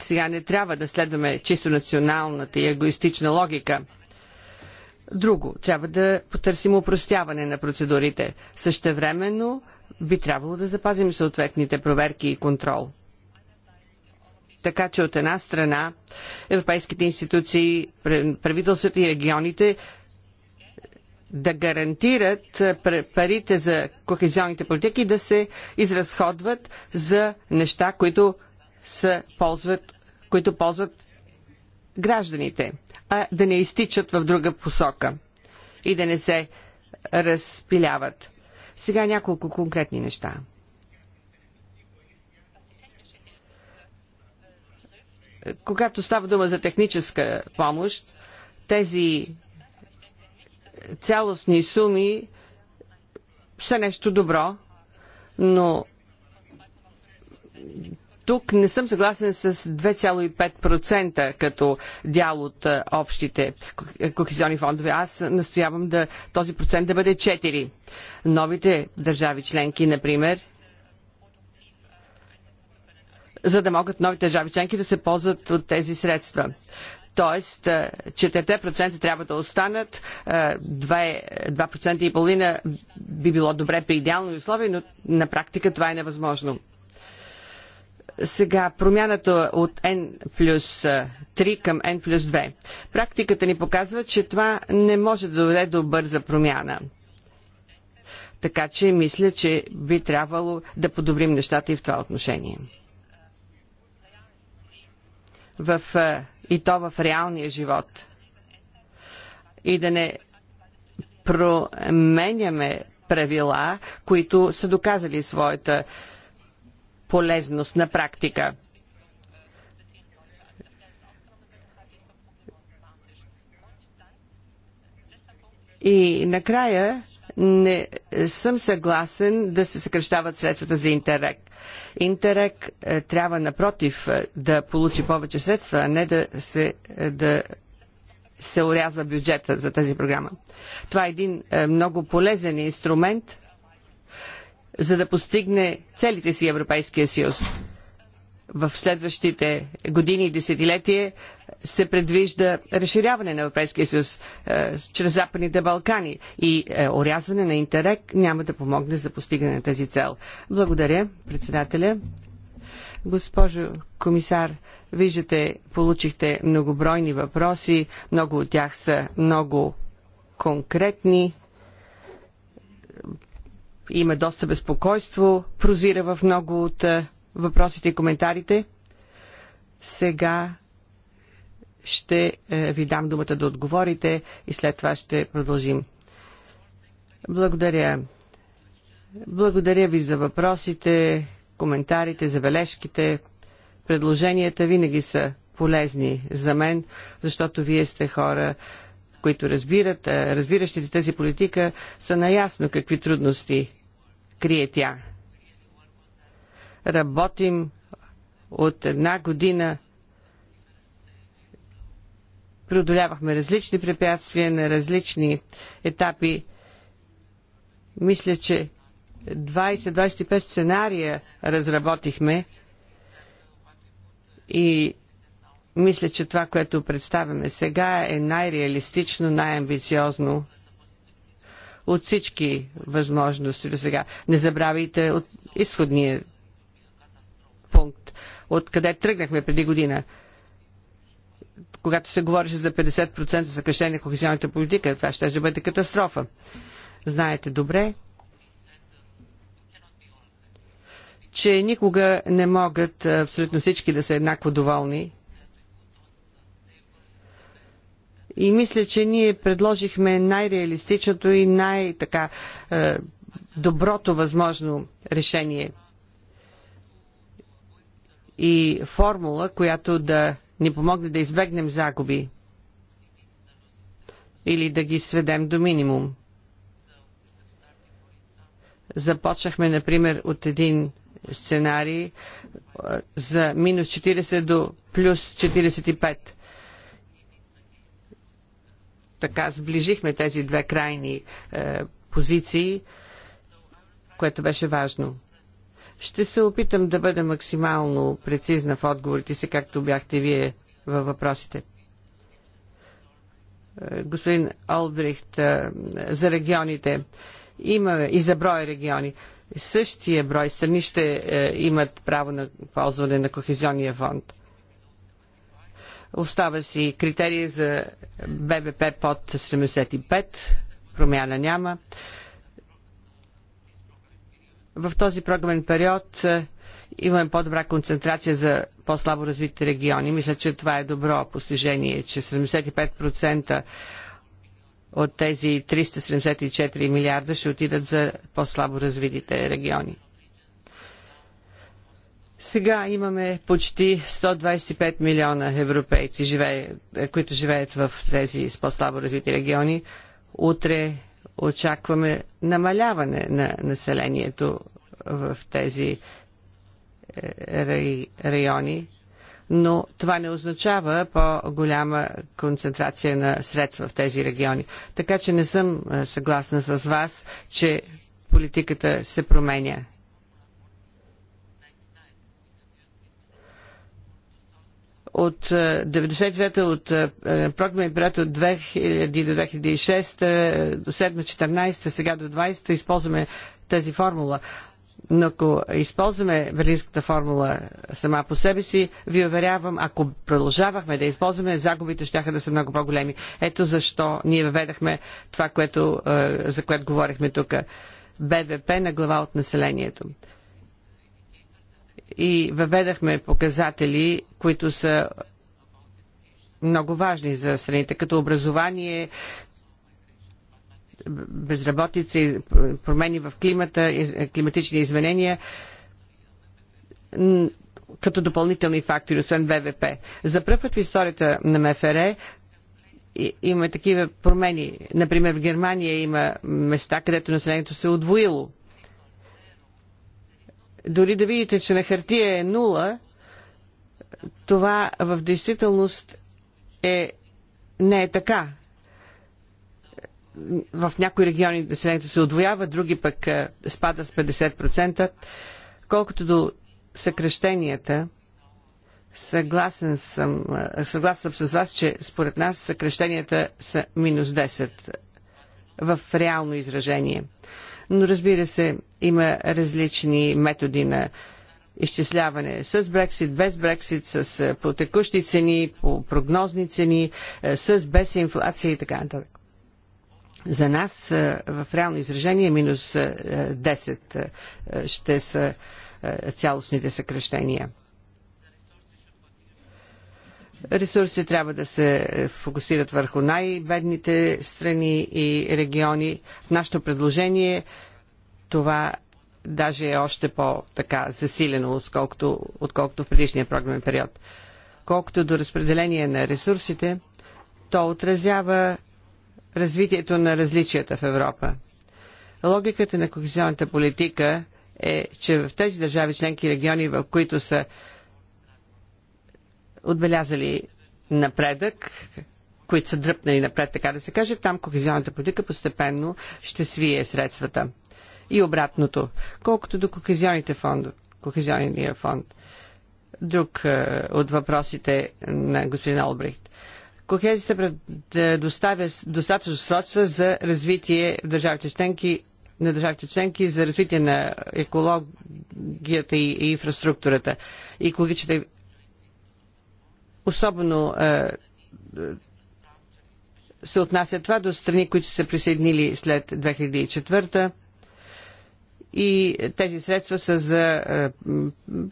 сега не трябва да следваме чисто националната и егоистична логика. Друго, трябва да потърсим упростяване на процедурите. Същевременно би трябвало да запазим съответните проверки и контрол. Така че от една страна европейските институции, правителствата и регионите да гарантират парите за кохезионните политики да се изразходват за неща, които са, ползват, които ползват гражданите, а да не изтичат в друга посока и да не се разпиляват. Сега няколко конкретни неща. Когато става дума за техническа помощ, тези цялостни суми са нещо добро, но тук не съм съгласен с 2,5% като дял от общите кохезионни фондове. Аз настоявам да този процент да бъде 4. Новите държави членки, например, за да могат новите държави членки да се ползват от тези средства. Тоест, 4% трябва да останат, 2%, и половина би било добре при идеални условия, но на практика това е невъзможно. Сега промяната от N плюс 3 към N плюс 2. Практиката ни показва, че това не може да доведе до бърза промяна. Така че мисля, че би трябвало да подобрим нещата и в това отношение. В, и то в реалния живот. И да не променяме правила, които са доказали своята полезност на практика. И накрая не съм съгласен да се съкрещават средствата за интерек. Интерек е, трябва напротив е, да получи повече средства, а не да се, е, да се урязва бюджета за тази програма. Това е един много полезен инструмент, за да постигне целите си Европейския съюз. В следващите години и десетилетие се предвижда разширяване на Европейския съюз е, чрез Западните Балкани и е, орязване на интерек няма да помогне за постигане на тази цел. Благодаря, председателя. Госпожо комисар, виждате, получихте многобройни въпроси, много от тях са много конкретни. Има доста безпокойство, прозира в много от е, въпросите и коментарите. Сега ще е, ви дам думата да отговорите и след това ще продължим. Благодаря. Благодаря ви за въпросите, коментарите, забележките. Предложенията винаги са полезни за мен, защото вие сте хора, които разбират, е, разбиращите тази политика, са наясно какви трудности крие тя. Работим от една година преодолявахме различни препятствия на различни етапи. Мисля, че 20-25 сценария разработихме и мисля, че това, което представяме сега е най-реалистично, най-амбициозно от всички възможности до сега. Не забравяйте от изходния пункт, откъде тръгнахме преди година когато се говореше за 50% съкрещение на кохезионната политика, това ще, ще бъде катастрофа. Знаете добре, че никога не могат абсолютно всички да са еднакво доволни И мисля, че ние предложихме най-реалистичното и най-така е, доброто възможно решение. И формула, която да ни помогне да избегнем загуби или да ги сведем до минимум. Започнахме, например, от един сценарий е, за минус 40 до плюс 45 така сближихме тези две крайни е, позиции, което беше важно. Ще се опитам да бъда максимално прецизна в отговорите си, както бяхте вие във въпросите. Е, господин Олбрихт, е, за регионите. Имаме и за брой региони. Същия брой страни ще е, имат право на ползване на Кохезионния фонд. Остава си критерия за ББП под 75. Промяна няма. В този програмен период е, имаме по-добра концентрация за по-слабо развитите региони. Мисля, че това е добро постижение, че 75% от тези 374 милиарда ще отидат за по-слабо развитите региони. Сега имаме почти 125 милиона европейци, е, които живеят в тези по-слабо развити региони. Утре очакваме намаляване на населението в тези е, райони, но това не означава по-голяма концентрация на средства в тези региони. Така че не съм е, съгласна с вас, че политиката се променя от 99-та, е, от е, е, и период от 2000 до 2006, до 7-14, сега до 20 използваме тази формула. Но ако използваме берлинската формула сама по себе си, ви уверявам, ако продължавахме да използваме, загубите ще да са много по-големи. Ето защо ние въведахме това, което, за което говорихме тук. БВП на глава от населението и въведахме показатели, които са много важни за страните, като образование, безработица, промени в климата, климатични изменения като допълнителни фактори, освен ВВП. За първ път в историята на МФР има такива промени. Например, в Германия има места, където населението се е удвоило дори да видите, че на хартия е нула, това в действителност е, не е така. В някои региони населението се отвоява, други пък спада с 50%. Колкото до съкрещенията, съгласен съм, съгласен съм с вас, че според нас съкрещенията са минус 10 в реално изражение но разбира се, има различни методи на изчисляване с Брексит, без Брексит, с е, по текущи цени, по прогнозни цени, е, с без инфлация и така нататък. За нас е, в реално изражение минус 10 ще са цялостните съкрещения. Ресурсите трябва да се фокусират върху най-бедните страни и региони. В нашето предложение това даже е още по-така засилено, отколкото, отколкото в предишния програмен период. Колкото до разпределение на ресурсите, то отразява развитието на различията в Европа. Логиката на кохезионната политика е, че в тези държави членки и региони, в които са отбелязали напредък, които са дръпнали напред, така да се каже, там кохезионната политика постепенно ще свие средствата. И обратното. Колкото до кохезионните фонд, кохезионния фонд, друг е, от въпросите на господин Албрехт. Кохезията предоставя достатъчно средства за развитие в държавите членки на държавите членки за развитие на екологията и, инфраструктурата, екологичната особено е, се отнася това до страни, които са присъединили след 2004 и тези средства са за е,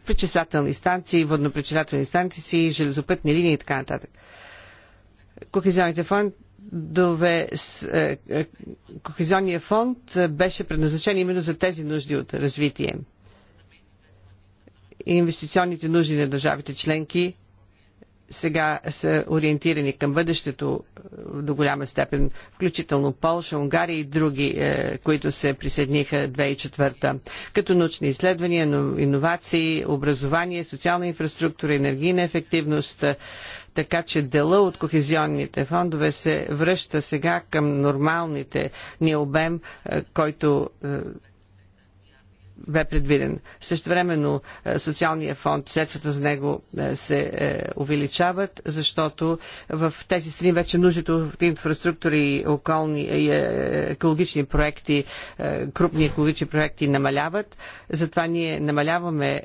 причислателни станции, воднопречиствателни станции, железопътни линии и така нататък. Кохезионните е, фонд дове, Кохезионния фонд беше предназначен именно за тези нужди от развитие. Инвестиционните нужди на държавите членки сега са ориентирани към бъдещето е, до голяма степен, включително Полша, Унгария и други, е, които се присъединиха 2004 като научни изследвания, иновации, образование, социална инфраструктура, енергийна ефективност, е, така че дела от кохезионните фондове се връща сега към нормалните ни обем, който бе предвиден. Също времено е, социалния фонд, средствата за него е, се е, увеличават, защото в тези страни вече нуждите от инфраструктури и околни, и екологични проекти, крупни екологични проекти намаляват. Затова ние намаляваме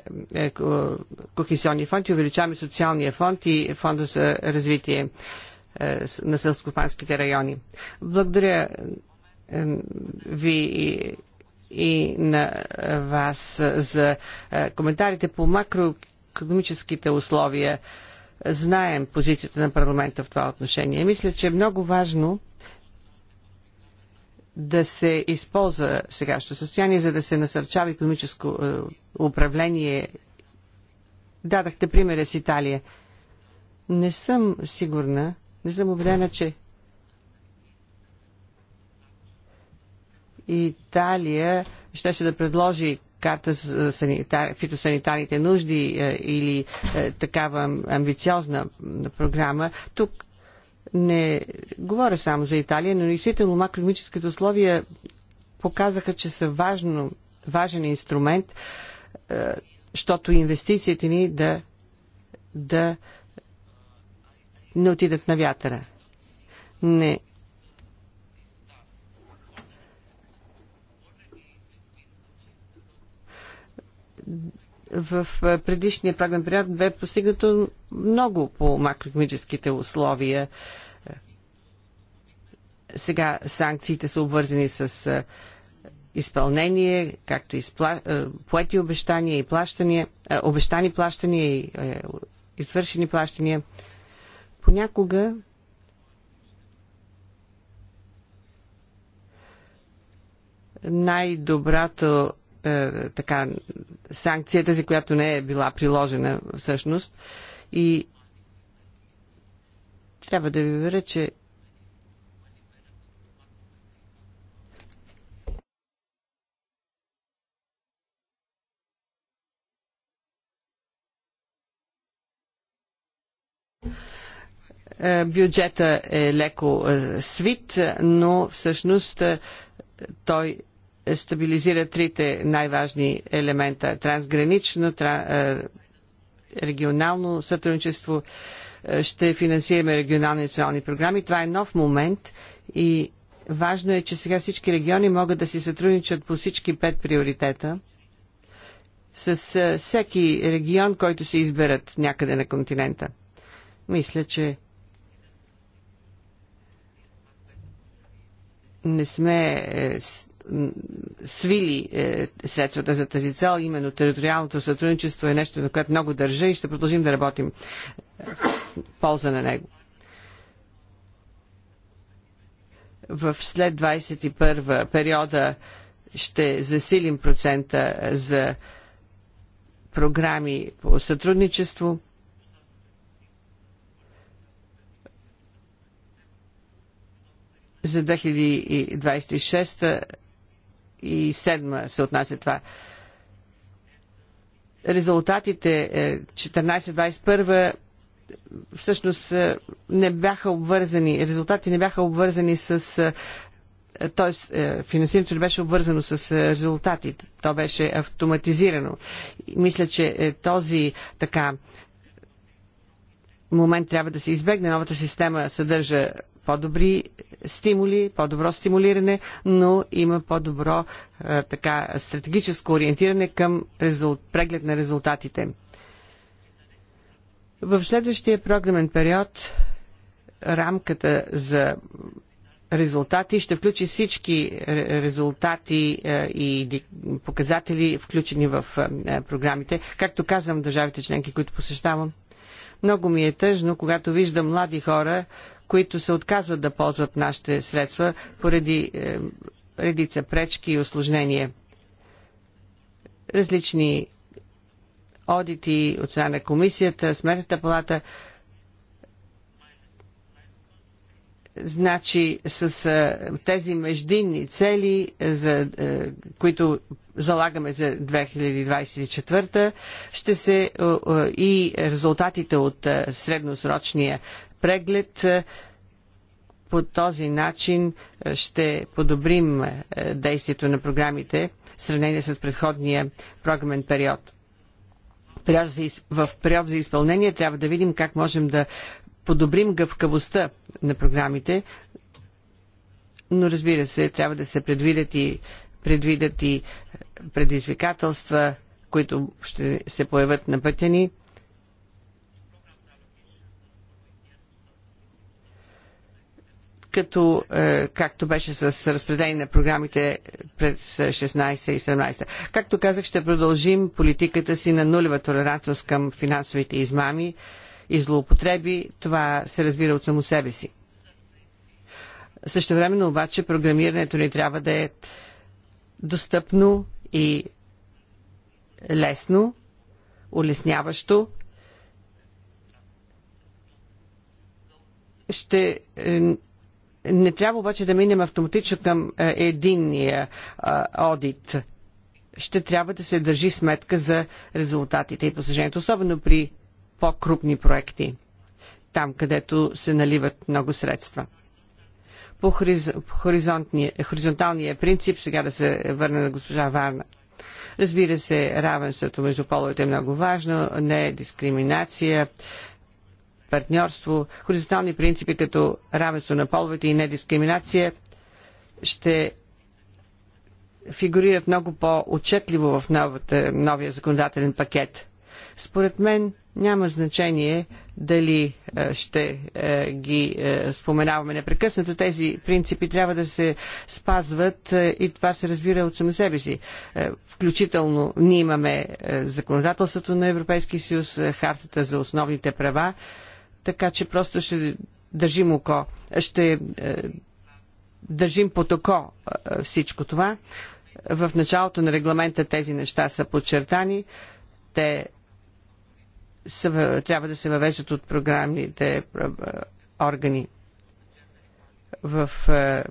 кохесионния фонд и увеличаваме социалния фонд и фонда за развитие на селскопанските райони. Благодаря ви и на вас за е, коментарите по макроекономическите условия. Знаем позицията на парламента в това отношение. Мисля, че е много важно да се използва сегашното състояние, за да се насърчава економическо е, управление. Дадахте примера с Италия. Не съм сигурна, не съм убедена, че Италия щеше да предложи карта за санитар, фитосанитарните нужди е, или е, такава амбициозна програма. Тук не говоря само за Италия, но действително макроекономическите условия показаха, че са важно, важен инструмент, е, защото инвестициите ни да, да не отидат на вятъра. Не в предишния програмен период бе постигнато много по макроекономическите условия. Сега санкциите са обвързани с изпълнение, както и спла... поети обещания и плащания, обещани плащания и извършени плащания. Понякога най-доброто е, така, санкцията, за която не е била приложена всъщност. И трябва да ви уверя, че е, бюджета е леко е, свит, но всъщност той стабилизира трите най-важни елемента трансгранично, тра, е, регионално сътрудничество. Е, ще финансираме регионални национални програми. Това е нов момент и важно е, че сега всички региони могат да си сътрудничат по всички пет приоритета с е, всеки регион, който се изберат някъде на континента. Мисля, че не сме свили е, средствата за тази цел. Именно териториалното сътрудничество е нещо, на което много държа и ще продължим да работим в полза на него. В след 21 периода ще засилим процента за програми по сътрудничество. За 2026 2007 се отнася това. Резултатите 14-21 е, всъщност е, не бяха обвързани, резултати не бяха обвързани с е, т.е. финансирането не беше обвързано с резултатите. То беше автоматизирано. Мисля, че този така момент трябва да се избегне. Новата система съдържа по-добри стимули, по-добро стимулиране, но има по-добро е, така стратегическо ориентиране към резулт, преглед на резултатите. В следващия програмен период рамката за резултати ще включи всички резултати е, и показатели, включени в е, програмите. Както казвам, държавите членки, които посещавам, много ми е тъжно, когато виждам млади хора, които се отказват да ползват нашите средства поради е, редица пречки и осложнения. Различни одити от страна на комисията, сметната палата. Значи с е, тези междинни цели, е, за, е, които залагаме за 2024, ще се е, е, и резултатите от средносрочния преглед. Е, по този начин е, ще подобрим е, действието на програмите в сравнение с предходния програмен период. В период за изпълнение трябва да видим как можем да подобрим гъвкавостта на програмите, но разбира се, трябва да се предвидят и, предвидят и предизвикателства, които ще се появят на пътя ни. като, е, както беше с разпределение на програмите през 16 и 17. Както казах, ще продължим политиката си на нулева толерантност към финансовите измами и злоупотреби. Това се разбира от само себе си. Същевременно обаче програмирането ни трябва да е достъпно и лесно, улесняващо. Ще е, не трябва обаче да минем автоматично към е, единния одит. Ще трябва да се държи сметка за резултатите и посъжението, особено при по-крупни проекти, там където се наливат много средства по хоризонталния принцип, сега да се върна на госпожа Варна. Разбира се, равенството между половете е много важно, не е дискриминация, партньорство, хоризонтални принципи като равенство на половете и недискриминация ще фигурират много по-отчетливо в новата, новия законодателен пакет. Според мен няма значение дали е, ще е, ги е, споменаваме непрекъснато. Тези принципи трябва да се спазват и това се разбира от само себе си. Включително ние имаме законодателството на Европейския съюз, хартата за основните права така че просто ще държим око, ще е, държим под око е, всичко това. В началото на регламента тези неща са подчертани. Те са, трябва да се въвеждат от програмните е, органи в е,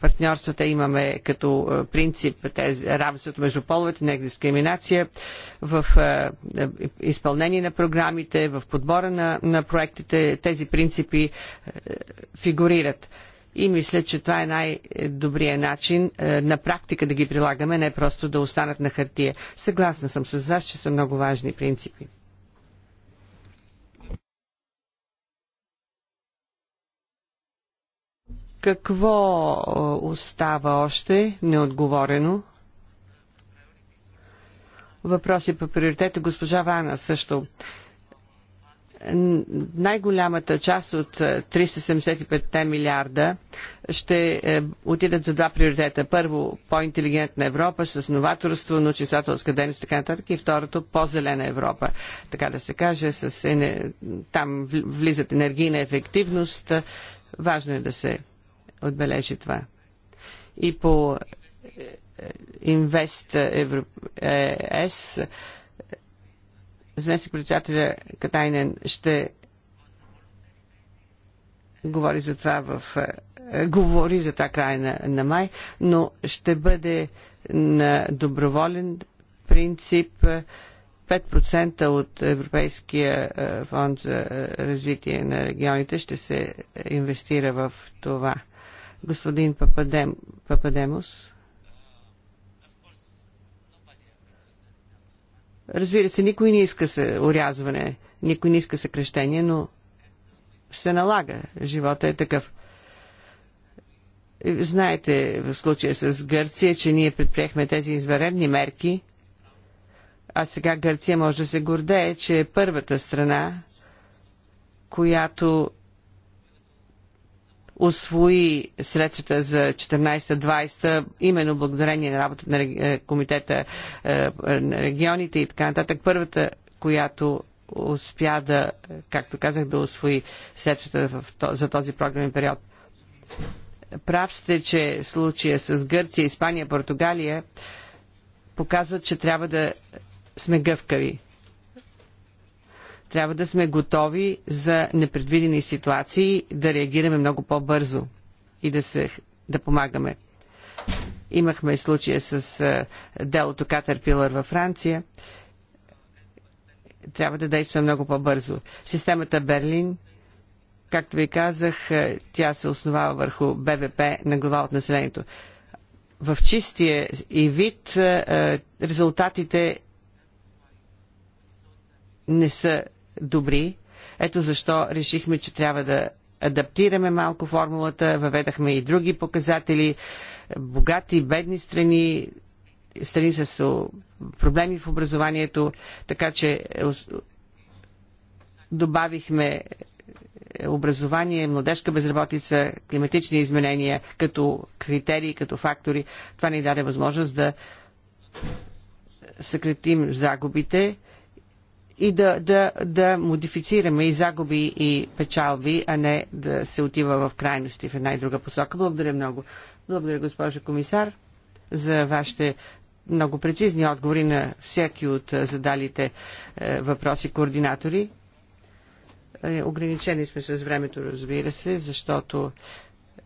партньорствата имаме като е, принцип тези, равенството между половете, не дискриминация в е, изпълнение на програмите, в подбора на, на проектите. Тези принципи фигурират. И мисля, че това е най-добрият начин на практика да ги прилагаме, не просто да останат на хартия. Съгласна съм с вас, че са много важни принципи. Какво остава още неотговорено? Въпроси по приоритета госпожа Вана също най-голямата част от 375 милиарда ще е, отидат за два приоритета. Първо, по-интелигентна Европа с новаторство, научно-изследователска дейност и така нататък. И второто, по-зелена Европа. Така да се каже, с там влизат енергийна ефективност. Важно е да се отбележи това. И по е, е, Инвест е, ЕС заместник председателя Катайнен ще говори за това в говори за това край на, на май, но ще бъде на доброволен принцип 5% от Европейския фонд за развитие на регионите ще се инвестира в това господин Пападем, Пападемос. Разбира се, никой не иска се урязване, никой не иска съкрещение, но се налага. Живота е такъв. Знаете в случая с Гърция, че ние предприехме тези изваредни мерки, а сега Гърция може да се гордее, че е първата страна, която освои средствата за 14-20, именно благодарение на работата на е, комитета е, на регионите и така нататък. Първата, която успя да, както казах, да освои средствата за този програмен период. Прав сте, че случая с Гърция, Испания, Португалия показват, че трябва да сме гъвкави трябва да сме готови за непредвидени ситуации, да реагираме много по-бързо и да, се, да помагаме. Имахме случая с делото Катерпилър във Франция. Трябва да действаме много по-бързо. Системата Берлин, както ви казах, тя се основава върху БВП на глава от населението. В чистия и вид резултатите не са добри. Ето защо решихме, че трябва да адаптираме малко формулата, въведахме и други показатели, богати, бедни страни, страни с проблеми в образованието, така че е, добавихме е, образование, младежка безработица, климатични изменения като критерии, като фактори. Това ни даде възможност да съкретим загубите и да, да, да модифицираме и загуби и печалби, а не да се отива в крайности в една и друга посока. Благодаря много. Благодаря, госпожа комисар, за вашите много прецизни отговори на всеки от задалите е, въпроси координатори. Е, ограничени сме с времето, разбира се, защото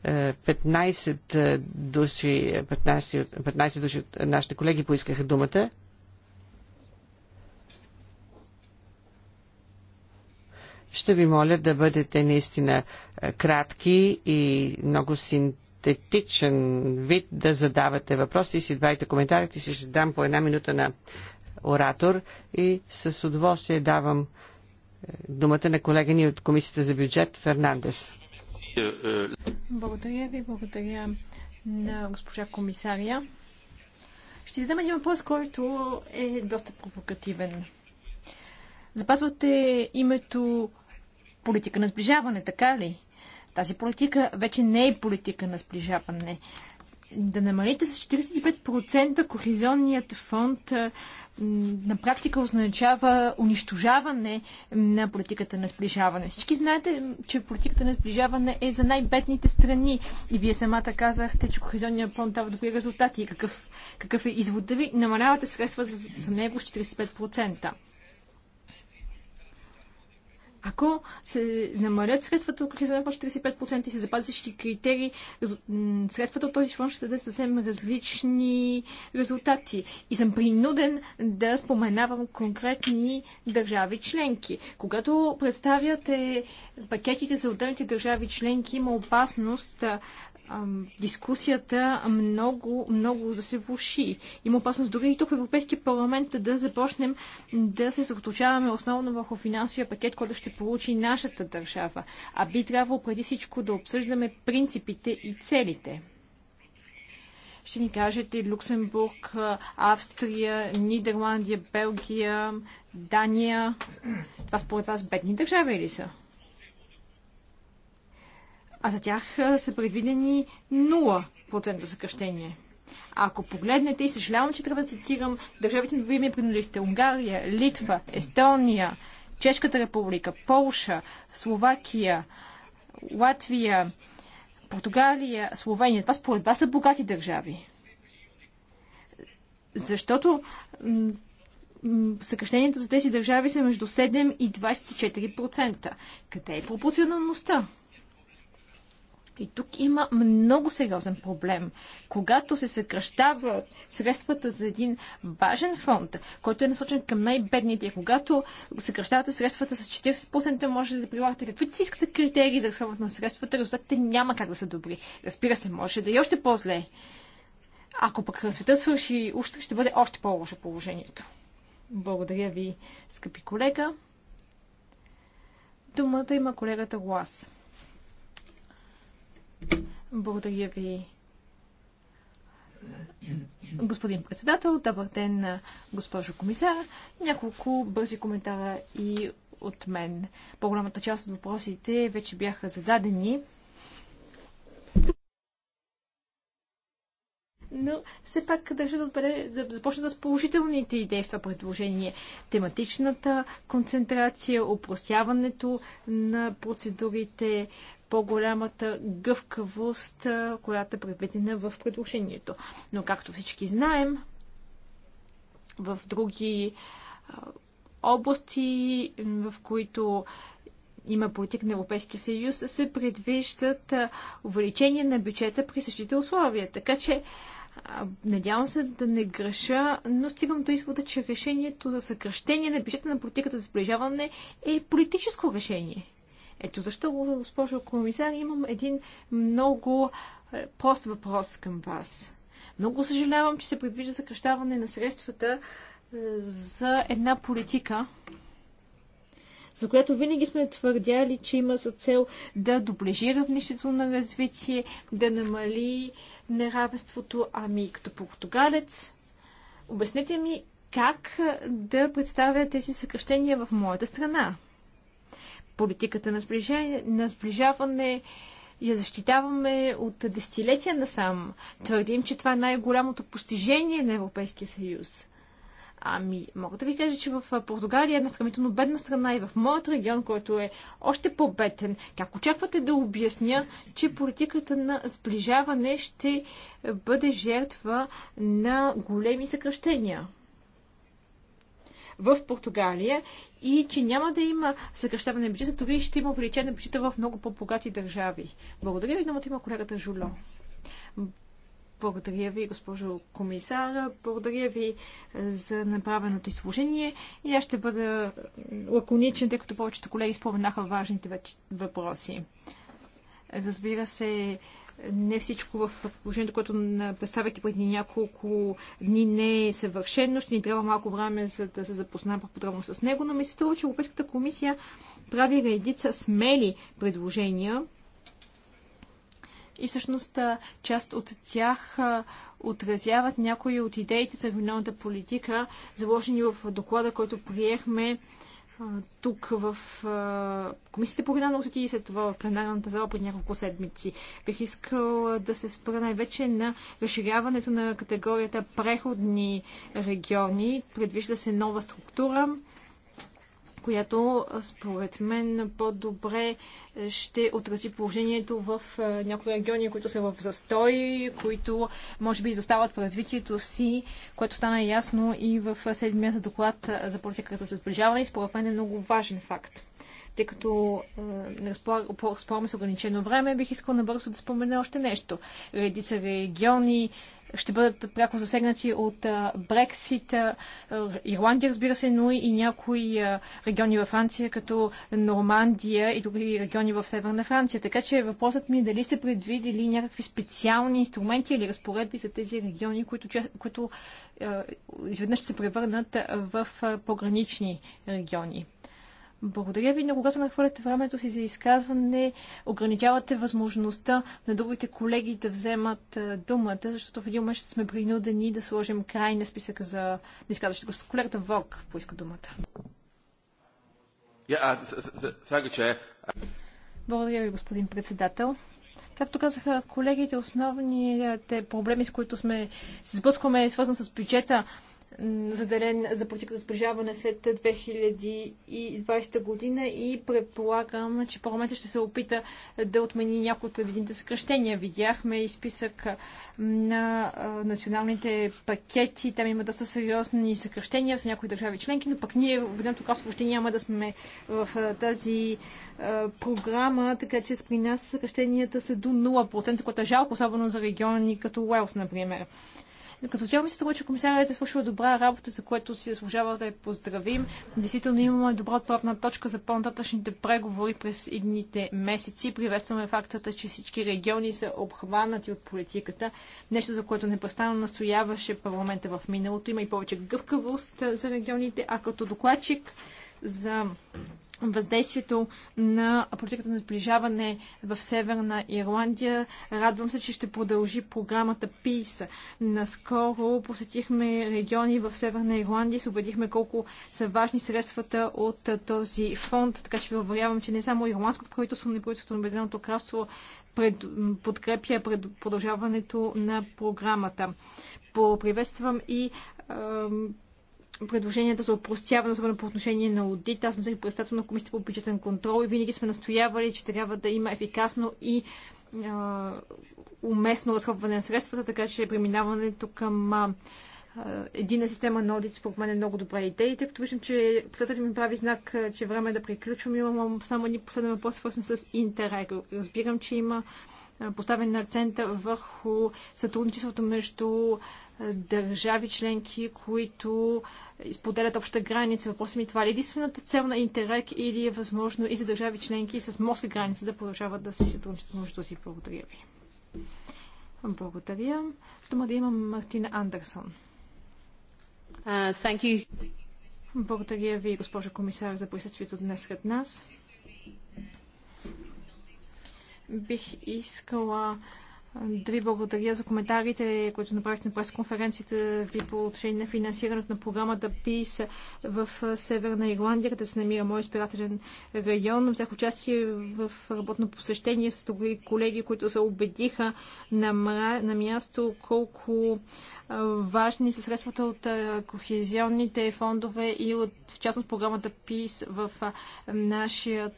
15 е, души, 15, 15 души от нашите колеги поискаха думата. Ще ви моля да бъдете наистина е, кратки и много синтетичен вид да задавате въпроси. Си двайте коментарите си ще дам по една минута на оратор и с удоволствие давам е, думата на колега ни от Комисията за бюджет Фернандес. Благодаря ви, благодаря на госпожа комисария. Ще задам един въпрос, който е доста провокативен. Запазвате името политика на сближаване, така ли? Тази политика вече не е политика на сближаване. Да намалите с 45% кохезионният фонд на практика означава унищожаване на политиката на сближаване. Всички знаете, че политиката на сближаване е за най-бедните страни. И вие самата казахте, че кохезионният фонд дава добри резултати. И какъв, какъв е извода ви? Намалявате средства за него с 45%. Ако се намалят средствата от Кохезионен фонд 45% и се запазят всички критерии, средствата от този фонд ще дадат съвсем различни резултати. И съм принуден да споменавам конкретни държави членки. Когато представяте пакетите за отделните държави членки, има опасност дискусията много, много да се влуши. Има опасност дори и тук в Европейския парламент да започнем да се съсредоточаваме основно върху финансовия пакет, който ще получи нашата държава. А би трябвало преди всичко да обсъждаме принципите и целите. Ще ни кажете Люксембург, Австрия, Нидерландия, Белгия, Дания. Това според вас бедни държави ли са? а за тях са предвидени 0% съкръщение. Ако погледнете, и съжалявам, че трябва да цитирам държавите, на вие ме принудихте Унгария, Литва, Естония, Чешката република, Полша, Словакия, Латвия, Португалия, Словения. Това според вас са богати държави. Защото съкръщенията за тези държави са между 7 и 24%. Къде е пропорционалността? И тук има много сериозен проблем. Когато се съкръщават средствата за един важен фонд, който е насочен към най-бедните, когато съкръщавате средствата с 40%, може да прилагате каквито си искате критерии за разходването на средствата, резултатите няма как да са добри. Разбира се, може да е още по-зле. Ако пък света свърши утре, ще бъде още по-лошо положението. Благодаря ви, скъпи колега. Думата има колегата Глас. Благодаря ви, господин председател. Добър ден, госпожо комисар. Няколко бързи коментара и от мен. По-голямата част от въпросите вече бяха зададени. но все пак държа да, да започна с положителните идеи в това предложение. Тематичната концентрация, опростяването на процедурите, по-голямата гъвкавост, която е предвидена в предложението. Но както всички знаем, в други области, в които има политик на Европейския съюз, се предвиждат увеличение на бюджета при същите условия. Така че Надявам се да не греша, но стигам до извода, че решението за съкръщение на бюджета на политиката за сближаване е политическо решение. Ето защо, госпожо комисар, имам един много е, прост въпрос към вас. Много съжалявам, че се предвижда съкръщаване на средствата е, за една политика, за която винаги сме твърдяли, че има за цел да доближи равнището на развитие, да намали неравенството. Ами като португалец, обяснете ми как е, да представя тези съкръщения в моята страна политиката на, сближение, на сближаване я защитаваме от десетилетия насам. Твърдим, че това е най-голямото постижение на Европейския съюз. Ами, мога да ви кажа, че в Португалия е една скамително бедна страна и в моят регион, който е още по-беден. Как очаквате да обясня, че политиката на сближаване ще бъде жертва на големи съкръщения? в Португалия и че няма да има съкръщаване на бюджета, дори ще има увеличение на бюджета в много по-богати държави. Благодаря ви, но има колегата Жуло. Благодаря ви, госпожо комисар, Благодаря ви за направеното изложение. И аз ще бъда лаконичен, тъй като повечето колеги споменаха важните въпроси. Разбира се, не всичко в положението, което представяхте преди няколко дни не е съвършено. Ще ни трябва малко време, за да се запознаем по-подробно с него, но ми се струва, че Европейската комисия прави редица смели предложения. И всъщност част от тях отразяват някои от идеите за регионалната политика, заложени в доклада, който приехме тук в Комисията по регионално развитие и след това в пленарната зала по няколко седмици. Бих искал да се спра най-вече на разширяването на категорията преходни региони. Предвижда се нова структура която според мен по-добре е, ще отрази положението в някои региони, които са в застой, които може би изостават в развитието си, което стана ясно и в седмият доклад за политиката за сближаване. Според мен е много важен факт тъй като не разполагаме с ограничено време, бих искал набързо да спомена още нещо. Редица региони ще бъдат пряко засегнати от Брексит. Ирландия, разбира се, но и някои региони във Франция, като Нормандия и други региони в Северна Франция. Така че въпросът ми е дали сте предвидили някакви специални инструменти или разпоредби за тези региони, които, които изведнъж ще се превърнат в погранични региони. Благодаря ви, но когато нахвърляте времето си за изказване, ограничавате възможността на другите колеги да вземат е, думата, защото в един момент ще сме принудени да сложим край на списъка за изказващите. Господ колегата Вог поиска думата. Благодаря ви, господин председател. Както казаха колегите, основните проблеми, с които сме се сблъскваме, е свързан с бюджета заделен за политиката за сближаване след 2020 година и предполагам, че парламентът ще се опита да отмени някои от предвидените съкръщения. Видяхме и списък на националните пакети. Там има доста сериозни съкръщения за някои държави членки, но пък ние в едното кралство въобще няма да сме в тази програма, така че при нас съкръщенията са до 0%, което е жалко, особено за региони като Уелс, например. Като цяло ми се струва, че комисарът е свършил добра работа, за което си заслужава да я поздравим. Действително имаме добра отправна точка за по-нататъчните преговори през едните месеци. Приветстваме фактата, че всички региони са обхванати от политиката. Нещо, за което непрестанно настояваше парламента в миналото. Има и повече гъвкавост за регионите, а като докладчик за въздействието на политиката на сближаване в Северна Ирландия. Радвам се, че ще продължи програмата PIS. Наскоро посетихме региони в Северна Ирландия и се убедихме колко са важни средствата от този фонд. Така че ви уверявам, че не само ирландското правителство, но и правителството на Обединеното кралство пред, подкрепя пред продължаването на програмата. Поприветствам и предложенията за опростяване, особено по отношение на аудита. Аз съм се председател на Комисията по бюджетен контрол и винаги сме настоявали, че трябва да има ефикасно и а, уместно разходване на средствата, така че преминаването към а, едина система на аудит според мен е много добра идея. Тъй като виждам, че председателят ми прави знак, че време е да приключвам, имам само един последен въпрос, свързан с Интерег. Разбирам, че има поставен акцента върху сътрудничеството между държави членки, които споделят обща граница. Въпросът ми е това ли е единствената цел на Интерек или е възможно и за държави членки с морска граница да продължават да се сътрудничат между си? Благодаря ви. Благодаря. Тома да имам Мартина Андерсон. Uh, Благодаря ви, госпожо комисар, за присъствието днес сред нас. Бих искала да ви благодаря за коментарите, които направихте на пресконференцията ви по отношение на финансирането на програмата ПИС в Северна Ирландия, където се намира мой избирателен район. Взех участие в работно посещение с други колеги, които се убедиха на, мра... на място колко важни са средствата от кохезионните фондове и от, в частност програмата PIS в нашия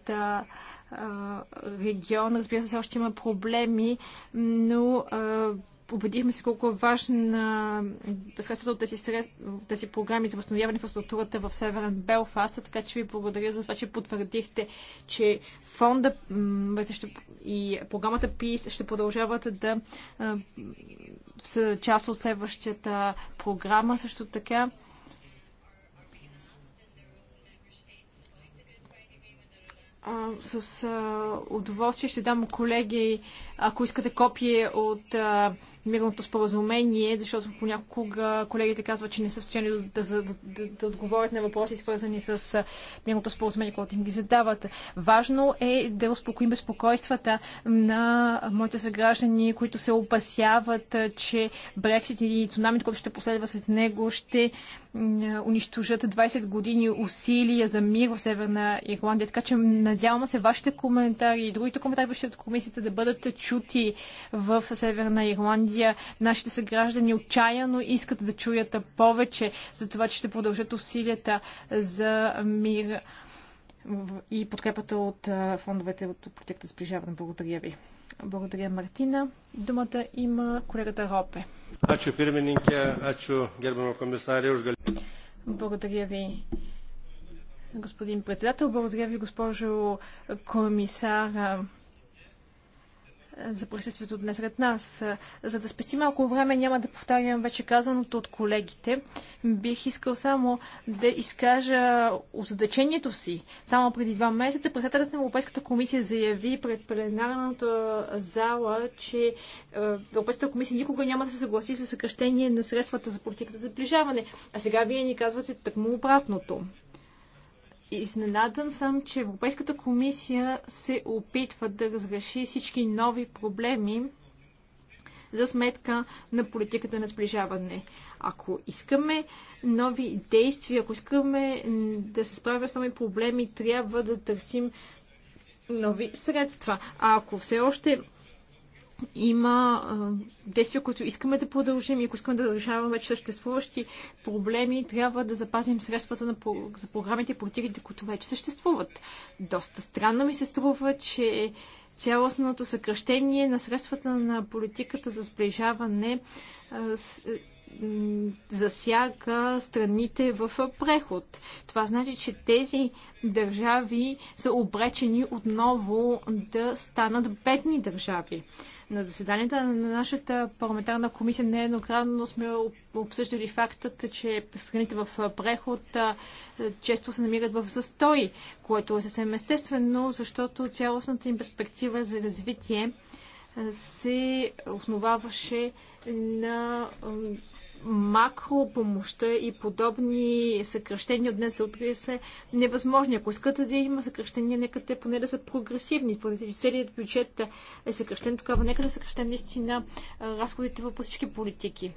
регион. Разбира се, още има проблеми, но убедихме се колко е важна средствата от тези, сред... от тези програми за възстановяване инфраструктурата в Северен Белфаст, така че ви благодаря за това, че потвърдихте, че фонда и програмата ПИС ще продължават да са част от следващата програма. Също така с удоволствие ще дам колеги, ако искате копие от мирното споразумение, защото понякога колегите казват, че не са в състояние да, да, да, да отговорят на въпроси, свързани с мирното споразумение, което им ги задават. Важно е да успокоим безпокойствата на моите съграждани, които се опасяват, че Брексит и цунамито, което ще последва след него, ще унищожат 20 години усилия за мир в Северна Ирландия. Така че надявам се вашите коментари и другите коментари от комисията да бъдат чути в Северна Ирландия Сирия. Нашите съграждани отчаяно искат да чуят повече за това, че ще продължат усилията за мир и подкрепата от фондовете от проекта Сближаване. Благодаря ви. Благодаря, Мартина. Думата има колегата Ропе. Ачо пирменинке, ачо гербано Благодаря ви, господин председател. Благодаря ви, госпожо комисара за присъствието днес сред нас. За да спести малко време, няма да повтарям вече казаното от колегите. Бих искал само да изкажа озадачението си. Само преди два месеца председателят на Европейската комисия заяви пред пленарната зала, че е, Европейската комисия никога няма да се съгласи с съкръщение на средствата за политиката за сближаване. А сега вие ни казвате тъкмо обратното. Изненадан съм, че Европейската комисия се опитва да разреши всички нови проблеми за сметка на политиката на сближаване. Ако искаме нови действия, ако искаме да се справим с нови проблеми, трябва да търсим нови средства. А ако все още има действия, които искаме да продължим и ако искаме да решаваме вече съществуващи проблеми, трябва да запазим средствата на, за програмите и политиките, които вече съществуват. Доста странно ми се струва, че цялостното съкръщение на средствата на политиката за сближаване засяга страните в преход. Това значи, че тези държави са обречени отново да станат бедни държави. На заседанията на нашата парламентарна комисия нееднократно сме обсъждали фактът, че страните в преход често се намират в застой, което е съвсем естествено, защото цялостната им перспектива за развитие се основаваше на макропомощта и подобни съкръщения от днес за утре са невъзможни. Ако искате да има съкръщения, нека те поне да са прогресивни. Поне че целият бюджет е съкръщен, тогава нека да съкръщен наистина разходите по всички политики.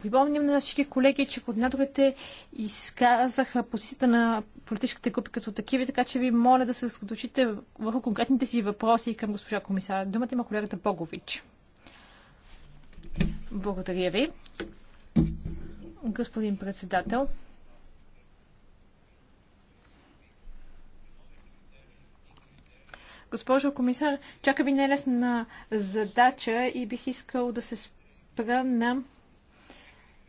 Припомням на всички колеги, че координаторите изказаха позицията на политическите групи като такива, така че ви моля да се съсредоточите върху конкретните си въпроси към госпожа комисар. Думата има колегата Богович. Благодаря ви. Господин председател, Госпожо комисар, чака ви нелесна задача и бих искал да се спра на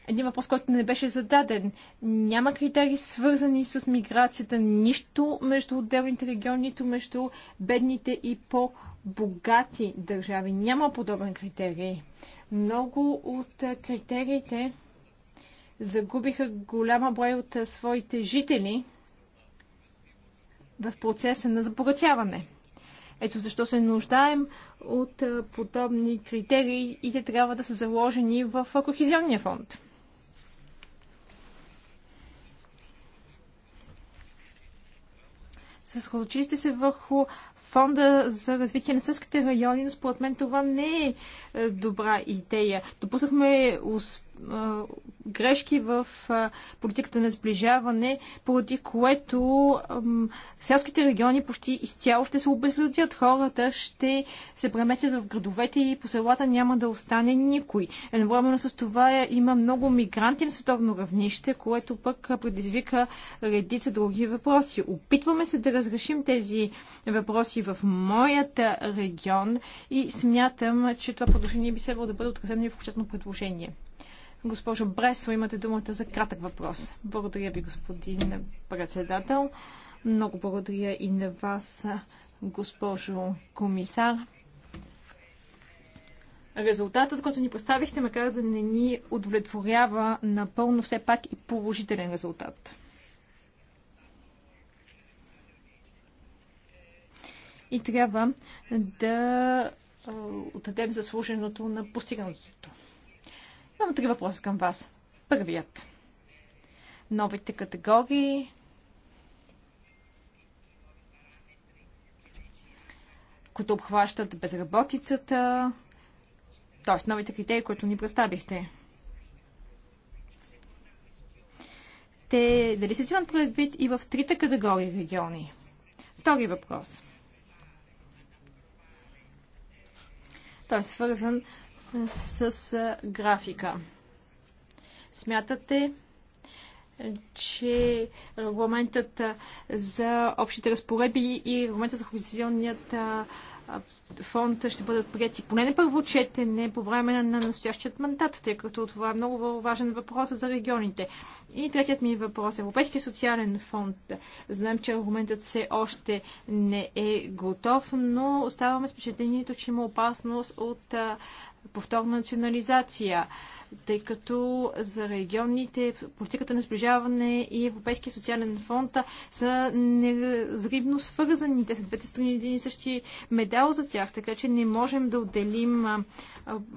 един въпрос, който не беше зададен. Няма критерии свързани с миграцията, нищо между отделните региони, нито между бедните и по-богати държави. Няма подобен критерий. Много от критериите загубиха голяма брой от своите жители в процеса на забогатяване. Ето защо се нуждаем от подобни критерии и те трябва да са заложени в Кохизионния фонд. съсредоточихте се върху фонда за развитие на сърските райони, но според мен това не е, е добра идея. Допуснахме успех грешки в политиката на сближаване, поради което селските региони почти изцяло ще се обезлюдят. Хората ще се преместят в градовете и по селата няма да остане никой. Едновременно с това има много мигранти на световно равнище, което пък предизвика редица други въпроси. Опитваме се да разрешим тези въпроси в моята регион и смятам, че това продължение би следвало да бъде отразено и в обществено предложение. Госпожо Бресо, имате думата за кратък въпрос. Благодаря ви, господин председател. Много благодаря и на вас, госпожо комисар. Резултатът, който ни поставихте, макар да не ни удовлетворява напълно, все пак и положителен резултат. И трябва да отдадем заслуженото на постигнатото. Имам три въпроса към вас. Първият. Новите категории. които обхващат безработицата, т.е. новите критерии, които ни представихте. Те дали се взимат предвид и в трите категории региони? Втори въпрос. Той е свързан с графика. Смятате, че регламентът за общите разпоредби и регламентът за хоризонталният фонд ще бъдат прияти поне на първо четене по време на настоящият мандат, тъй като това е много важен въпрос за регионите. И третият ми въпрос е Европейския социален фонд. Знаем, че аргументът все още не е готов, но оставаме с впечатлението, че има опасност от повторна национализация, тъй като за регионите политиката на сближаване и Европейския социален фонд са неразривно свързани. Те са двете страни един и същи медал за тях, така че не можем да отделим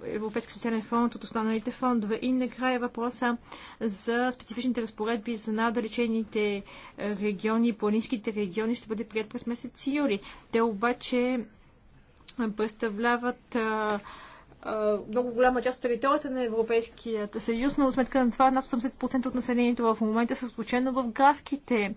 Европейския социален фонд от останалите фондове. И накрая въпроса за специфичните разпоредби за надалечените региони, планинските региони ще бъде прият през месец юли. Те обаче представляват а, много голяма част от територията на Европейския съюз, но сметка на това над 80% от населението в момента са случено в градските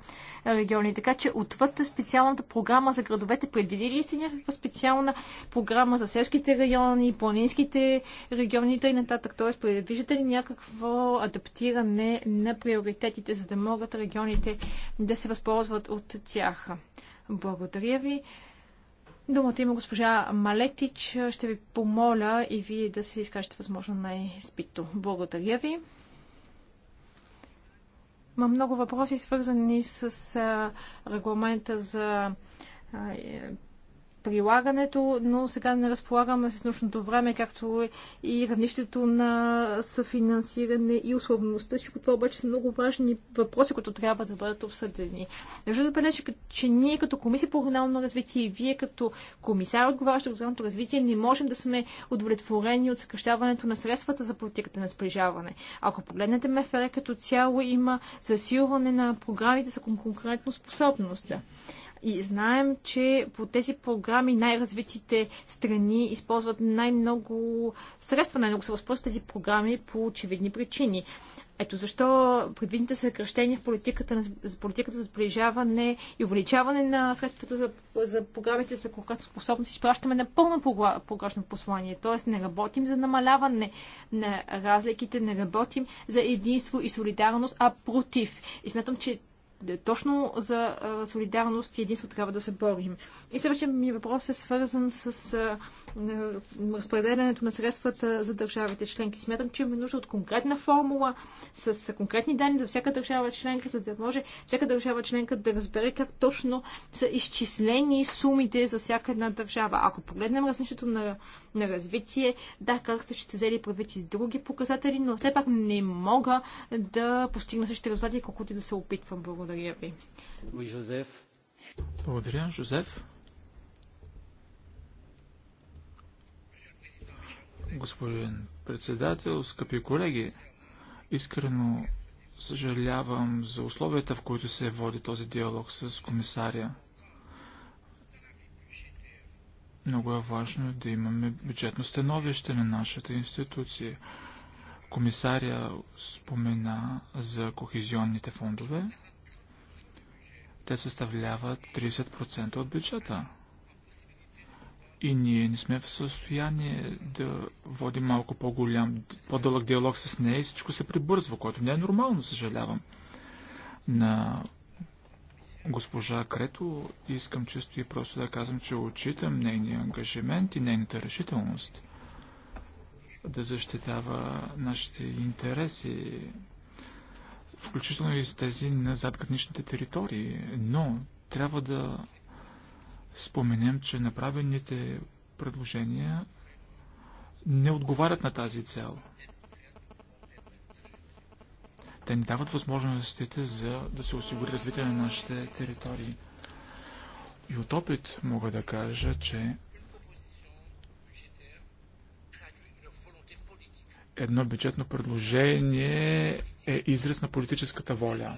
региони. Така че отвъд специалната програма за градовете, предвидили ли сте някаква специална програма за селските райони, планинските региони и нататък? Тоест, предвиждате ли някакво адаптиране на приоритетите, за да могат регионите да се възползват от тях? Благодаря ви. Думата има госпожа Малетич. Ще ви помоля и вие да се изкажете възможно най-спито. Благодаря ви. Има много въпроси, свързани с регламента за прилагането, но сега не разполагаме с нощното време, както е и равнището на съфинансиране и условността. Всичко това обаче са много важни въпроси, които трябва да бъдат обсъдени. Държа да бележа, че ние като Комисия по регионално развитие и вие като комисар, отговарящ за регионалното развитие, не можем да сме удовлетворени от съкръщаването на средствата за политиката на сближаване. Ако погледнете МФР като цяло, има засилване на програмите за конкурентно способност. И знаем, че по тези програми най-развитите страни използват най-много средства, най-много се възползват тези програми по очевидни причини. Ето защо предвидните съкръщения в политиката, за политиката за сближаване и увеличаване на средствата за, за програмите за способност изпращаме напълно погрешно послание. Тоест не работим за намаляване на разликите, не работим за единство и солидарност, а против. И смятам, че е, точно за солидарност и единство трябва да се борим. И следващия ми въпрос е свързан с е, разпределянето на средствата за държавите членки. Смятам, че имаме нужда от конкретна формула с конкретни данни за всяка държава членка, за да може всяка държава членка да разбере как точно са изчислени сумите за всяка една държава. Ако погледнем различието на, на развитие, да, казахте, че сте взели предвид и други показатели, но все пак не мога да постигна същите резултати, колкото и да се опитвам. Благодаря ви. Благодаря, Жозеф. господин председател, скъпи колеги. Искрено съжалявам за условията, в които се води този диалог с комисаря. Много е важно да имаме бюджетно становище на нашата институция. Комисаря спомена за кохезионните фондове. Те съставляват 30% от бюджета. И ние не сме в състояние да водим малко по-голям, по-дълъг диалог с нея и всичко се прибързва, което не е нормално, съжалявам. На госпожа Крето искам чисто и просто да казвам, че отчитам нейния ангажимент и нейната решителност да защитава нашите интереси, включително и с тези на задграничните територии. Но трябва да споменем, че направените предложения не отговарят на тази цел. Те ни дават възможностите за да се осигури развитие на нашите територии. И от опит мога да кажа, че едно бюджетно предложение е израз на политическата воля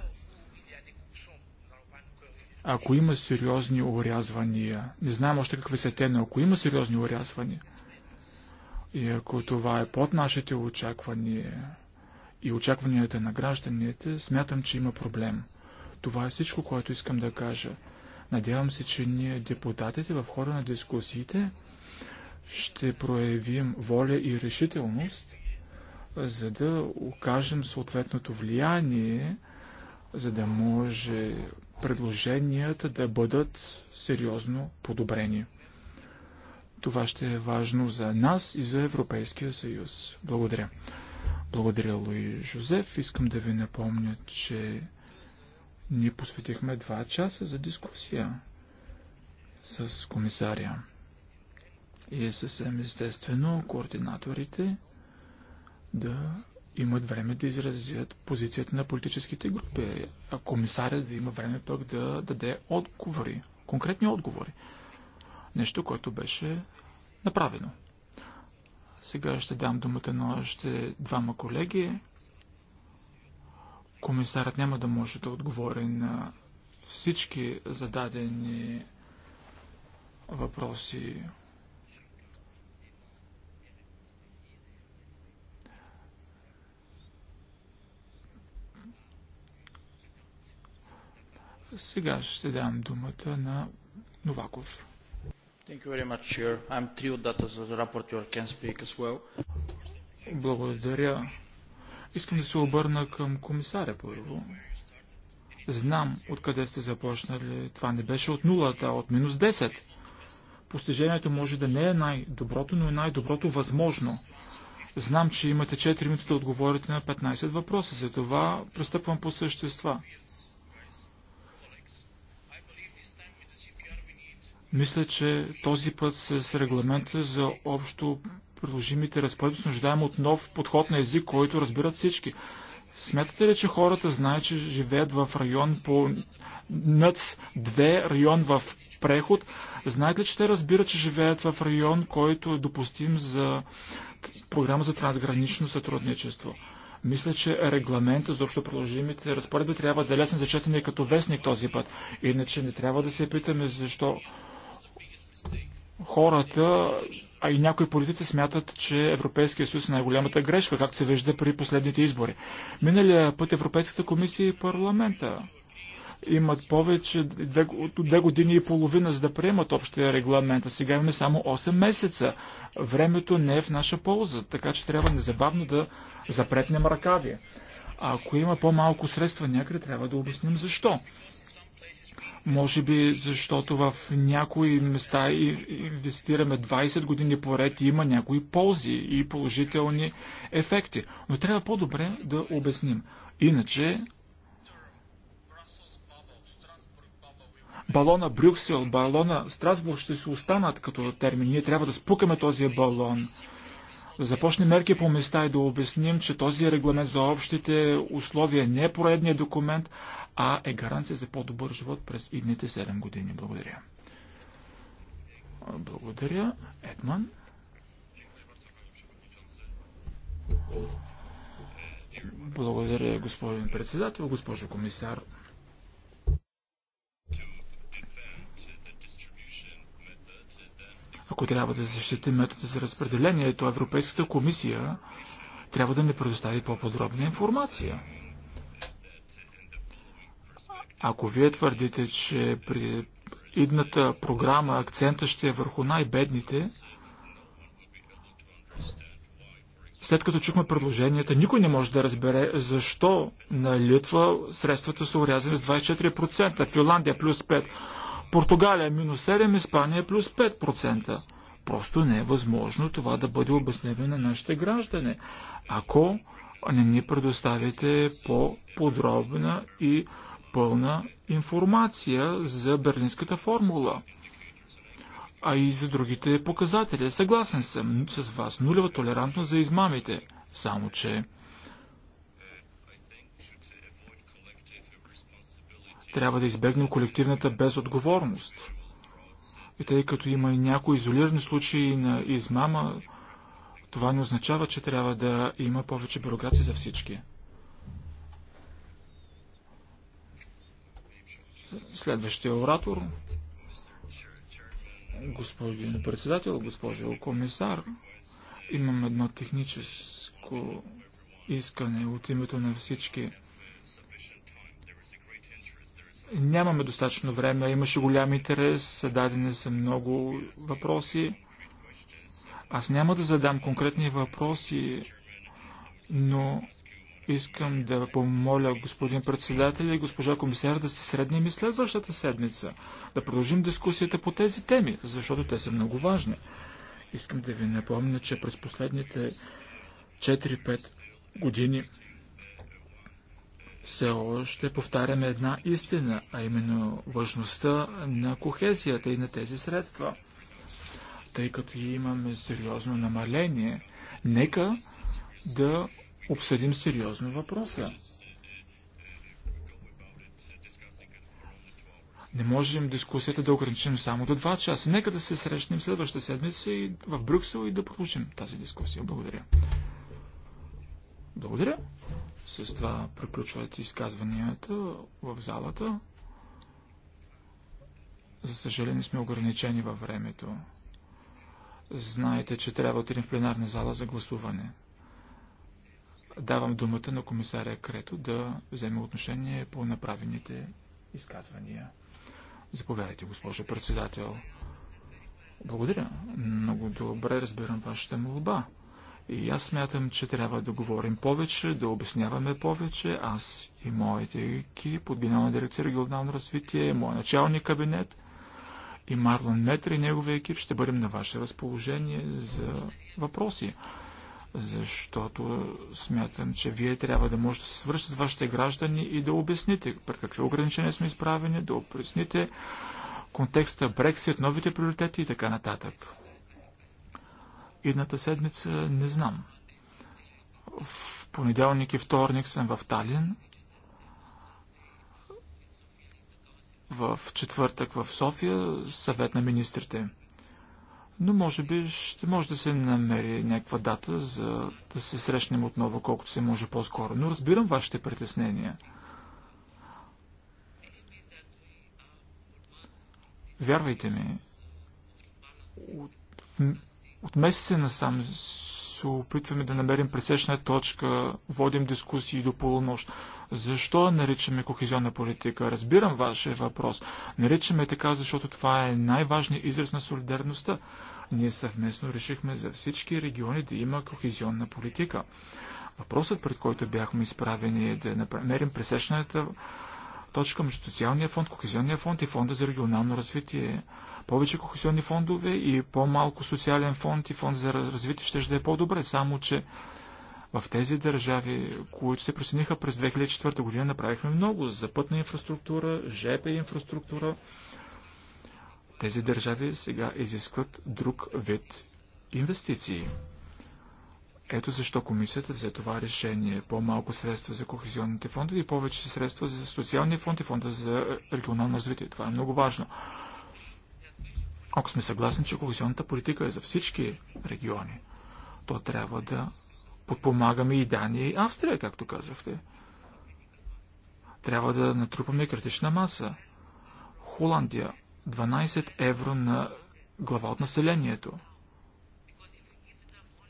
ако има сериозни урязвания, не знам още какви са те, но ако има сериозни урязвания, и ако това е под нашите очаквания и очакванията на гражданите, смятам, че има проблем. Това е всичко, което искам да кажа. Надявам се, че ние, депутатите, в хода на дискусиите ще проявим воля и решителност, за да окажем съответното влияние, за да може предложенията да бъдат сериозно подобрени. Това ще е важно за нас и за Европейския съюз. Благодаря. Благодаря, Луи Жозеф. Искам да ви напомня, че ние посветихме два часа за дискусия с комисаря. И е съвсем естествено координаторите да имат време да изразят позицията на политическите групи, а комисарят да има време пък да даде отговори, конкретни отговори. Нещо, което беше направено. Сега ще дам думата на още двама колеги. Комисарът няма да може да отговори на всички зададени въпроси Сега ще дам думата на Новаков. Well. Благодаря. Искам да се обърна към комисаря първо. Знам откъде сте започнали. Това не беше от нулата, а от минус 10. Постижението може да не е най-доброто, но е най-доброто възможно. Знам, че имате 4 минути да отговорите на 15 въпроса, За това пристъпвам по същества. Мисля, че този път с регламента за общо приложимите разпоредби се нуждаем от нов подход на език, който разбират всички. Смятате ли, че хората знаят, че живеят в район по НЦ 2, район в преход? Знаете ли, че те разбират, че живеят в район, който е допустим за програма за трансгранично сътрудничество? Мисля, че регламента за общо продължимите разпоредби трябва да е лесен за четене като вестник този път. Иначе не трябва да се питаме защо хората, а и някои политици смятат, че Европейския съюз е най-голямата грешка, както се вижда при последните избори. Миналия път Европейската комисия и парламента имат повече от две, години и половина, за да приемат общия регламент, а сега имаме само 8 месеца. Времето не е в наша полза, така че трябва незабавно да запретнем ръкави. А ако има по-малко средства някъде, трябва да обясним защо. Може би защото в някои места инвестираме 20 години поред и има някои ползи и положителни ефекти. Но трябва по-добре да обясним. Иначе балона Брюксел, балона Страсбург ще се останат като термини. Ние трябва да спукаме този балон. Да започнем мерки по места и да обясним, че този регламент за общите условия не е поредният документ, а е гаранция за по-добър живот през идните 7 години. Благодаря. Благодаря, Едман. Благодаря, господин председател, госпожо комисар. Ако трябва да защитим метода за разпределение, то Европейската комисия трябва да ни предостави по-подробна информация. Ако вие твърдите, че при идната програма акцента ще е върху най-бедните, след като чухме предложенията, никой не може да разбере защо на Литва средствата са урязани с 24%, Финландия е плюс 5%, Португалия е минус 7%, Испания е плюс 5%. Просто не е възможно това да бъде обяснено на нашите граждане, ако не ни предоставите по-подробна и пълна информация за берлинската формула, а и за другите показатели. Съгласен съм с вас. Нулева толерантност за измамите. Само, че трябва да избегнем колективната безотговорност. И тъй като има и някои изолирани случаи на измама, това не означава, че трябва да има повече бюрокрация за всички. Следващия оратор, господин председател, госпожо комисар, имам едно техническо искане от името на всички. Нямаме достатъчно време, имаше голям интерес, дадени са много въпроси. Аз няма да задам конкретни въпроси, но Искам да помоля господин председател и госпожа комисар да се среднем и следващата седмица, да продължим дискусията по тези теми, защото те са много важни. Искам да ви напомня, че през последните 4-5 години все още повтаряме една истина, а именно важността на кохезията и на тези средства. Тъй като имаме сериозно намаление, нека да обсъдим сериозно въпроса. Не можем дискусията да ограничим само до 2 часа. Нека да се срещнем следващата седмица и в Брюксел и да продължим тази дискусия. Благодаря. Благодаря. С това приключват изказванията в залата. За съжаление сме ограничени във времето. Знаете, че трябва да отидем в пленарна зала за гласуване. Давам думата на комисаря Крето да вземе отношение по направените изказвания. Заповядайте, госпожо председател. Благодаря. Много добре разбирам вашата молба. И аз смятам, че трябва да говорим повече, да обясняваме повече. Аз и моите екип от Генерална дирекция регионално развитие, мой началник кабинет и Марлон Метри и неговия екип ще бъдем на ваше разположение за въпроси защото смятам, че вие трябва да можете да се свършите с вашите граждани и да обясните пред какви ограничения сме изправени, да обясните контекста Брексит, новите приоритети и така нататък. Идната седмица не знам. В понеделник и вторник съм в Талин. В четвъртък в София съвет на министрите но може би ще може да се намери някаква дата за да се срещнем отново колкото се може по-скоро. Но разбирам вашите притеснения. Вярвайте ми, от, от месеца насам се опитваме да намерим пресечна точка, водим дискусии до полунощ. Защо наричаме кохезионна политика? Разбирам вашия въпрос. Наричаме така, защото това е най-важният израз на солидарността. Ние съвместно решихме за всички региони да има кохезионна политика. Въпросът, пред който бяхме изправени е да намерим пресечната точка между социалния фонд, кохезионния фонд и фонда за регионално развитие. Повече кохезионни фондове и по-малко социален фонд и фонд за развитие ще, ще е по-добре, само че в тези държави, които се присъединиха през 2004 година, направихме много за пътна инфраструктура, ЖП инфраструктура, тези държави сега изискват друг вид инвестиции. Ето защо комисията взе това решение. По-малко средства за кохезионните фондове и повече средства за социалния фонд и фонда за регионално развитие. Това е много важно. Ако сме съгласни, че кохезионната политика е за всички региони, то трябва да подпомагаме и Дания и Австрия, както казахте. Трябва да натрупаме критична маса. Холандия, 12 евро на глава от населението.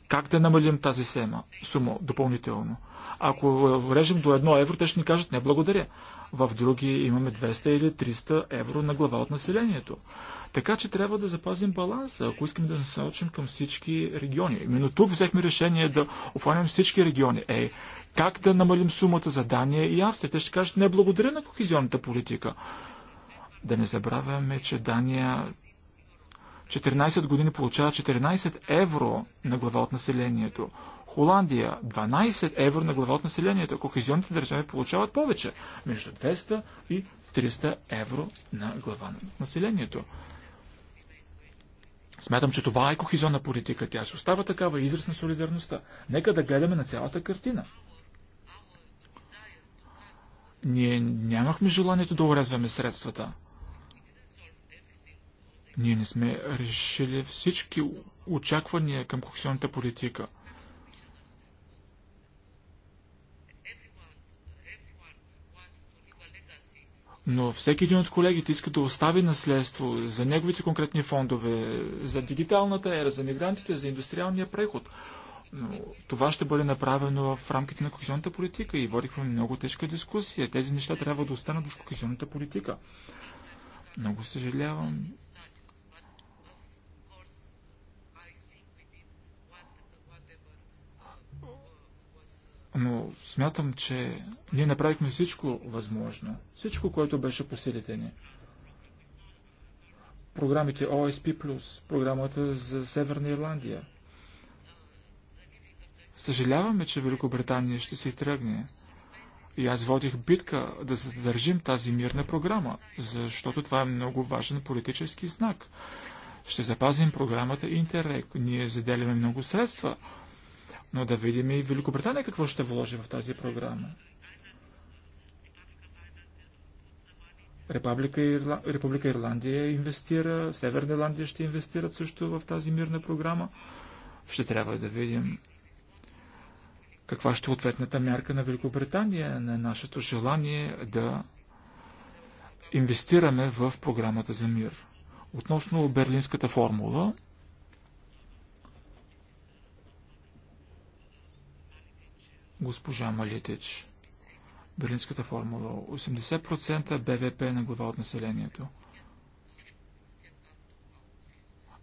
Как да намалим тази сема, сума допълнително? Ако режем до 1 евро, те ще ни кажат не благодаря. В други имаме 200 или 300 евро на глава от населението. Така че трябва да запазим баланса, ако искаме да се към всички региони. Именно тук взехме решение да обхванем всички региони. Ей, как да намалим сумата за Дания и Австрия? Те ще кажат не благодаря на кохизионната политика. Да не забравяме, че Дания 14 години получава 14 евро на глава от населението. Холандия 12 евро на глава от населението. Кохезионните държави получават повече. Между 200 и 300 евро на глава на населението. Смятам, че това е кохизионна политика. Тя се остава такава израз на солидарността. Нека да гледаме на цялата картина. Ние нямахме желанието да урезваме средствата. Ние не сме решили всички очаквания към кохесионната политика. Но всеки един от колегите иска да остави наследство за неговите конкретни фондове, за дигиталната ера, за мигрантите, за индустриалния преход. Но това ще бъде направено в рамките на кохезионната политика и водихме много тежка дискусия. Тези неща трябва да останат в кохезионната политика. Много съжалявам, Но смятам, че ние направихме всичко възможно. Всичко, което беше по силите ни. Програмите ОСП+, програмата за Северна Ирландия. Съжаляваме, че Великобритания ще се тръгне. И аз водих битка да задържим тази мирна програма, защото това е много важен политически знак. Ще запазим програмата Интеррек. Ние заделяме много средства но да видим и Великобритания какво ще вложи в тази програма. Република, Ирла... Република Ирландия инвестира, Северна Ирландия ще инвестират също в тази мирна програма. Ще трябва да видим каква ще е ответната мярка на Великобритания, на нашето желание да инвестираме в програмата за мир. Относно Берлинската формула, госпожа Малитич. Берлинската формула 80% БВП на глава от населението.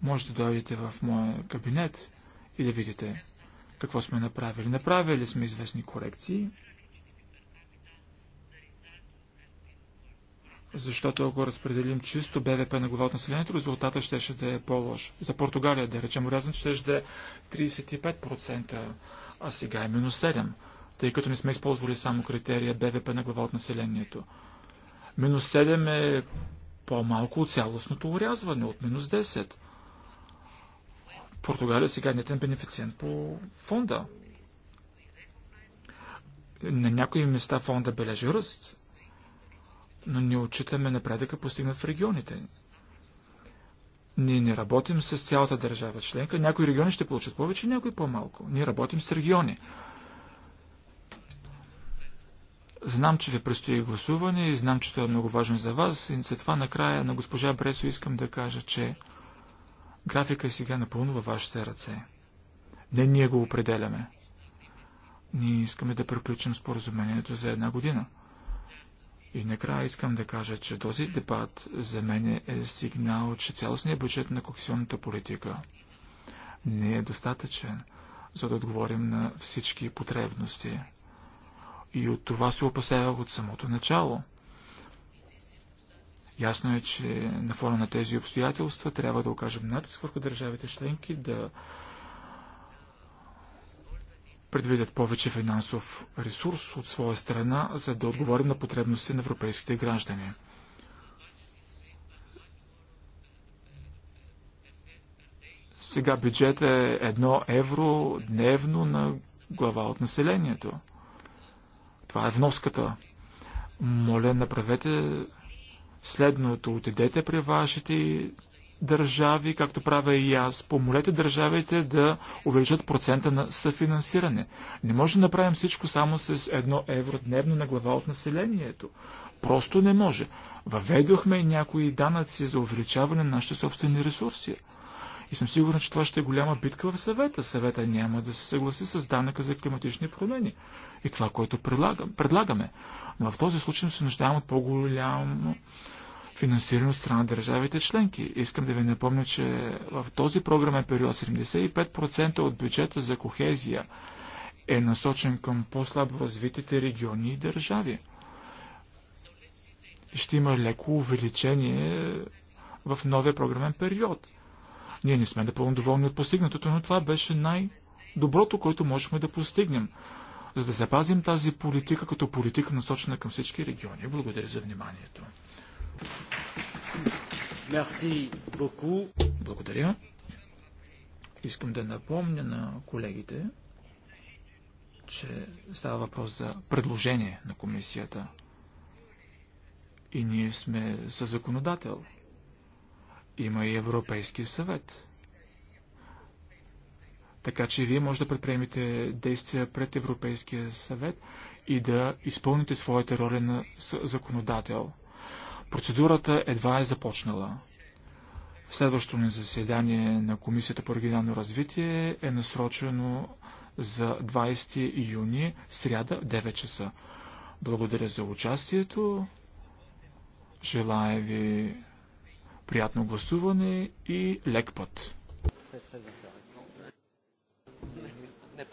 Може да дойдете в моя кабинет и да видите какво сме направили. Направили сме известни корекции, защото ако разпределим чисто БВП на глава от населението, резултата ще да е по-лош. За Португалия, да речем, урязан, ще да е 35% а сега е минус 7, тъй като не сме използвали само критерия БВП на глава от населението. Минус 7 е по-малко от цялостното урязване, от минус 10. Португалия сега е нетен бенефициент по фонда. На някои места фонда бележи ръст, но не отчитаме напредъка постигнат в регионите. Ние не работим с цялата държава членка. Някои региони ще получат повече, някои по-малко. Ние работим с региони. Знам, че ви предстои гласуване и знам, че това е много важно за вас. И след това накрая на госпожа Бресо искам да кажа, че графика е сега напълно във вашите ръце. Не ние го определяме. Ние искаме да приключим споразумението за една година. И накрая искам да кажа, че този дебат за мен е сигнал, че цялостният бюджет на кохесионната политика не е достатъчен, за да отговорим на всички потребности. И от това се опасявах от самото начало. Ясно е, че на фона на тези обстоятелства трябва да окажем натиск върху държавите членки да предвидят повече финансов ресурс от своя страна, за да отговорим на потребности на европейските граждани. Сега бюджет е едно евро дневно на глава от населението. Това е вноската. Моля, направете следното. Отидете при вашите държави, както правя и аз. Помолете държавите да увеличат процента на съфинансиране. Не може да направим всичко само с едно евро дневно на глава от населението. Просто не може. Въведохме някои данъци за увеличаване на нашите собствени ресурси. И съм сигурен, че това ще е голяма битка в съвета. Съвета няма да се съгласи с данъка за климатични промени и това, което предлагам, предлагаме. Но в този случай се нуждаем от по-голямо финансирани от страна на държавите членки. Искам да ви напомня, че в този програмен период 75% от бюджета за кохезия е насочен към по-слабо развитите региони и държави. Ще има леко увеличение в новия програмен период. Ние не сме напълно доволни от постигнатото, но това беше най-доброто, което можехме да постигнем, за да запазим тази политика като политика насочена към всички региони. Благодаря за вниманието. Благодаря. Искам да напомня на колегите, че става въпрос за предложение на комисията. И ние сме със законодател. Има и Европейски съвет. Така че вие може да предприемете действия пред Европейския съвет и да изпълните своята роля на законодател. Процедурата едва е започнала. Следващото ни заседание на Комисията по регионално развитие е насрочено за 20 юни, сряда, 9 часа. Благодаря за участието. Желая ви приятно гласуване и лек път. Не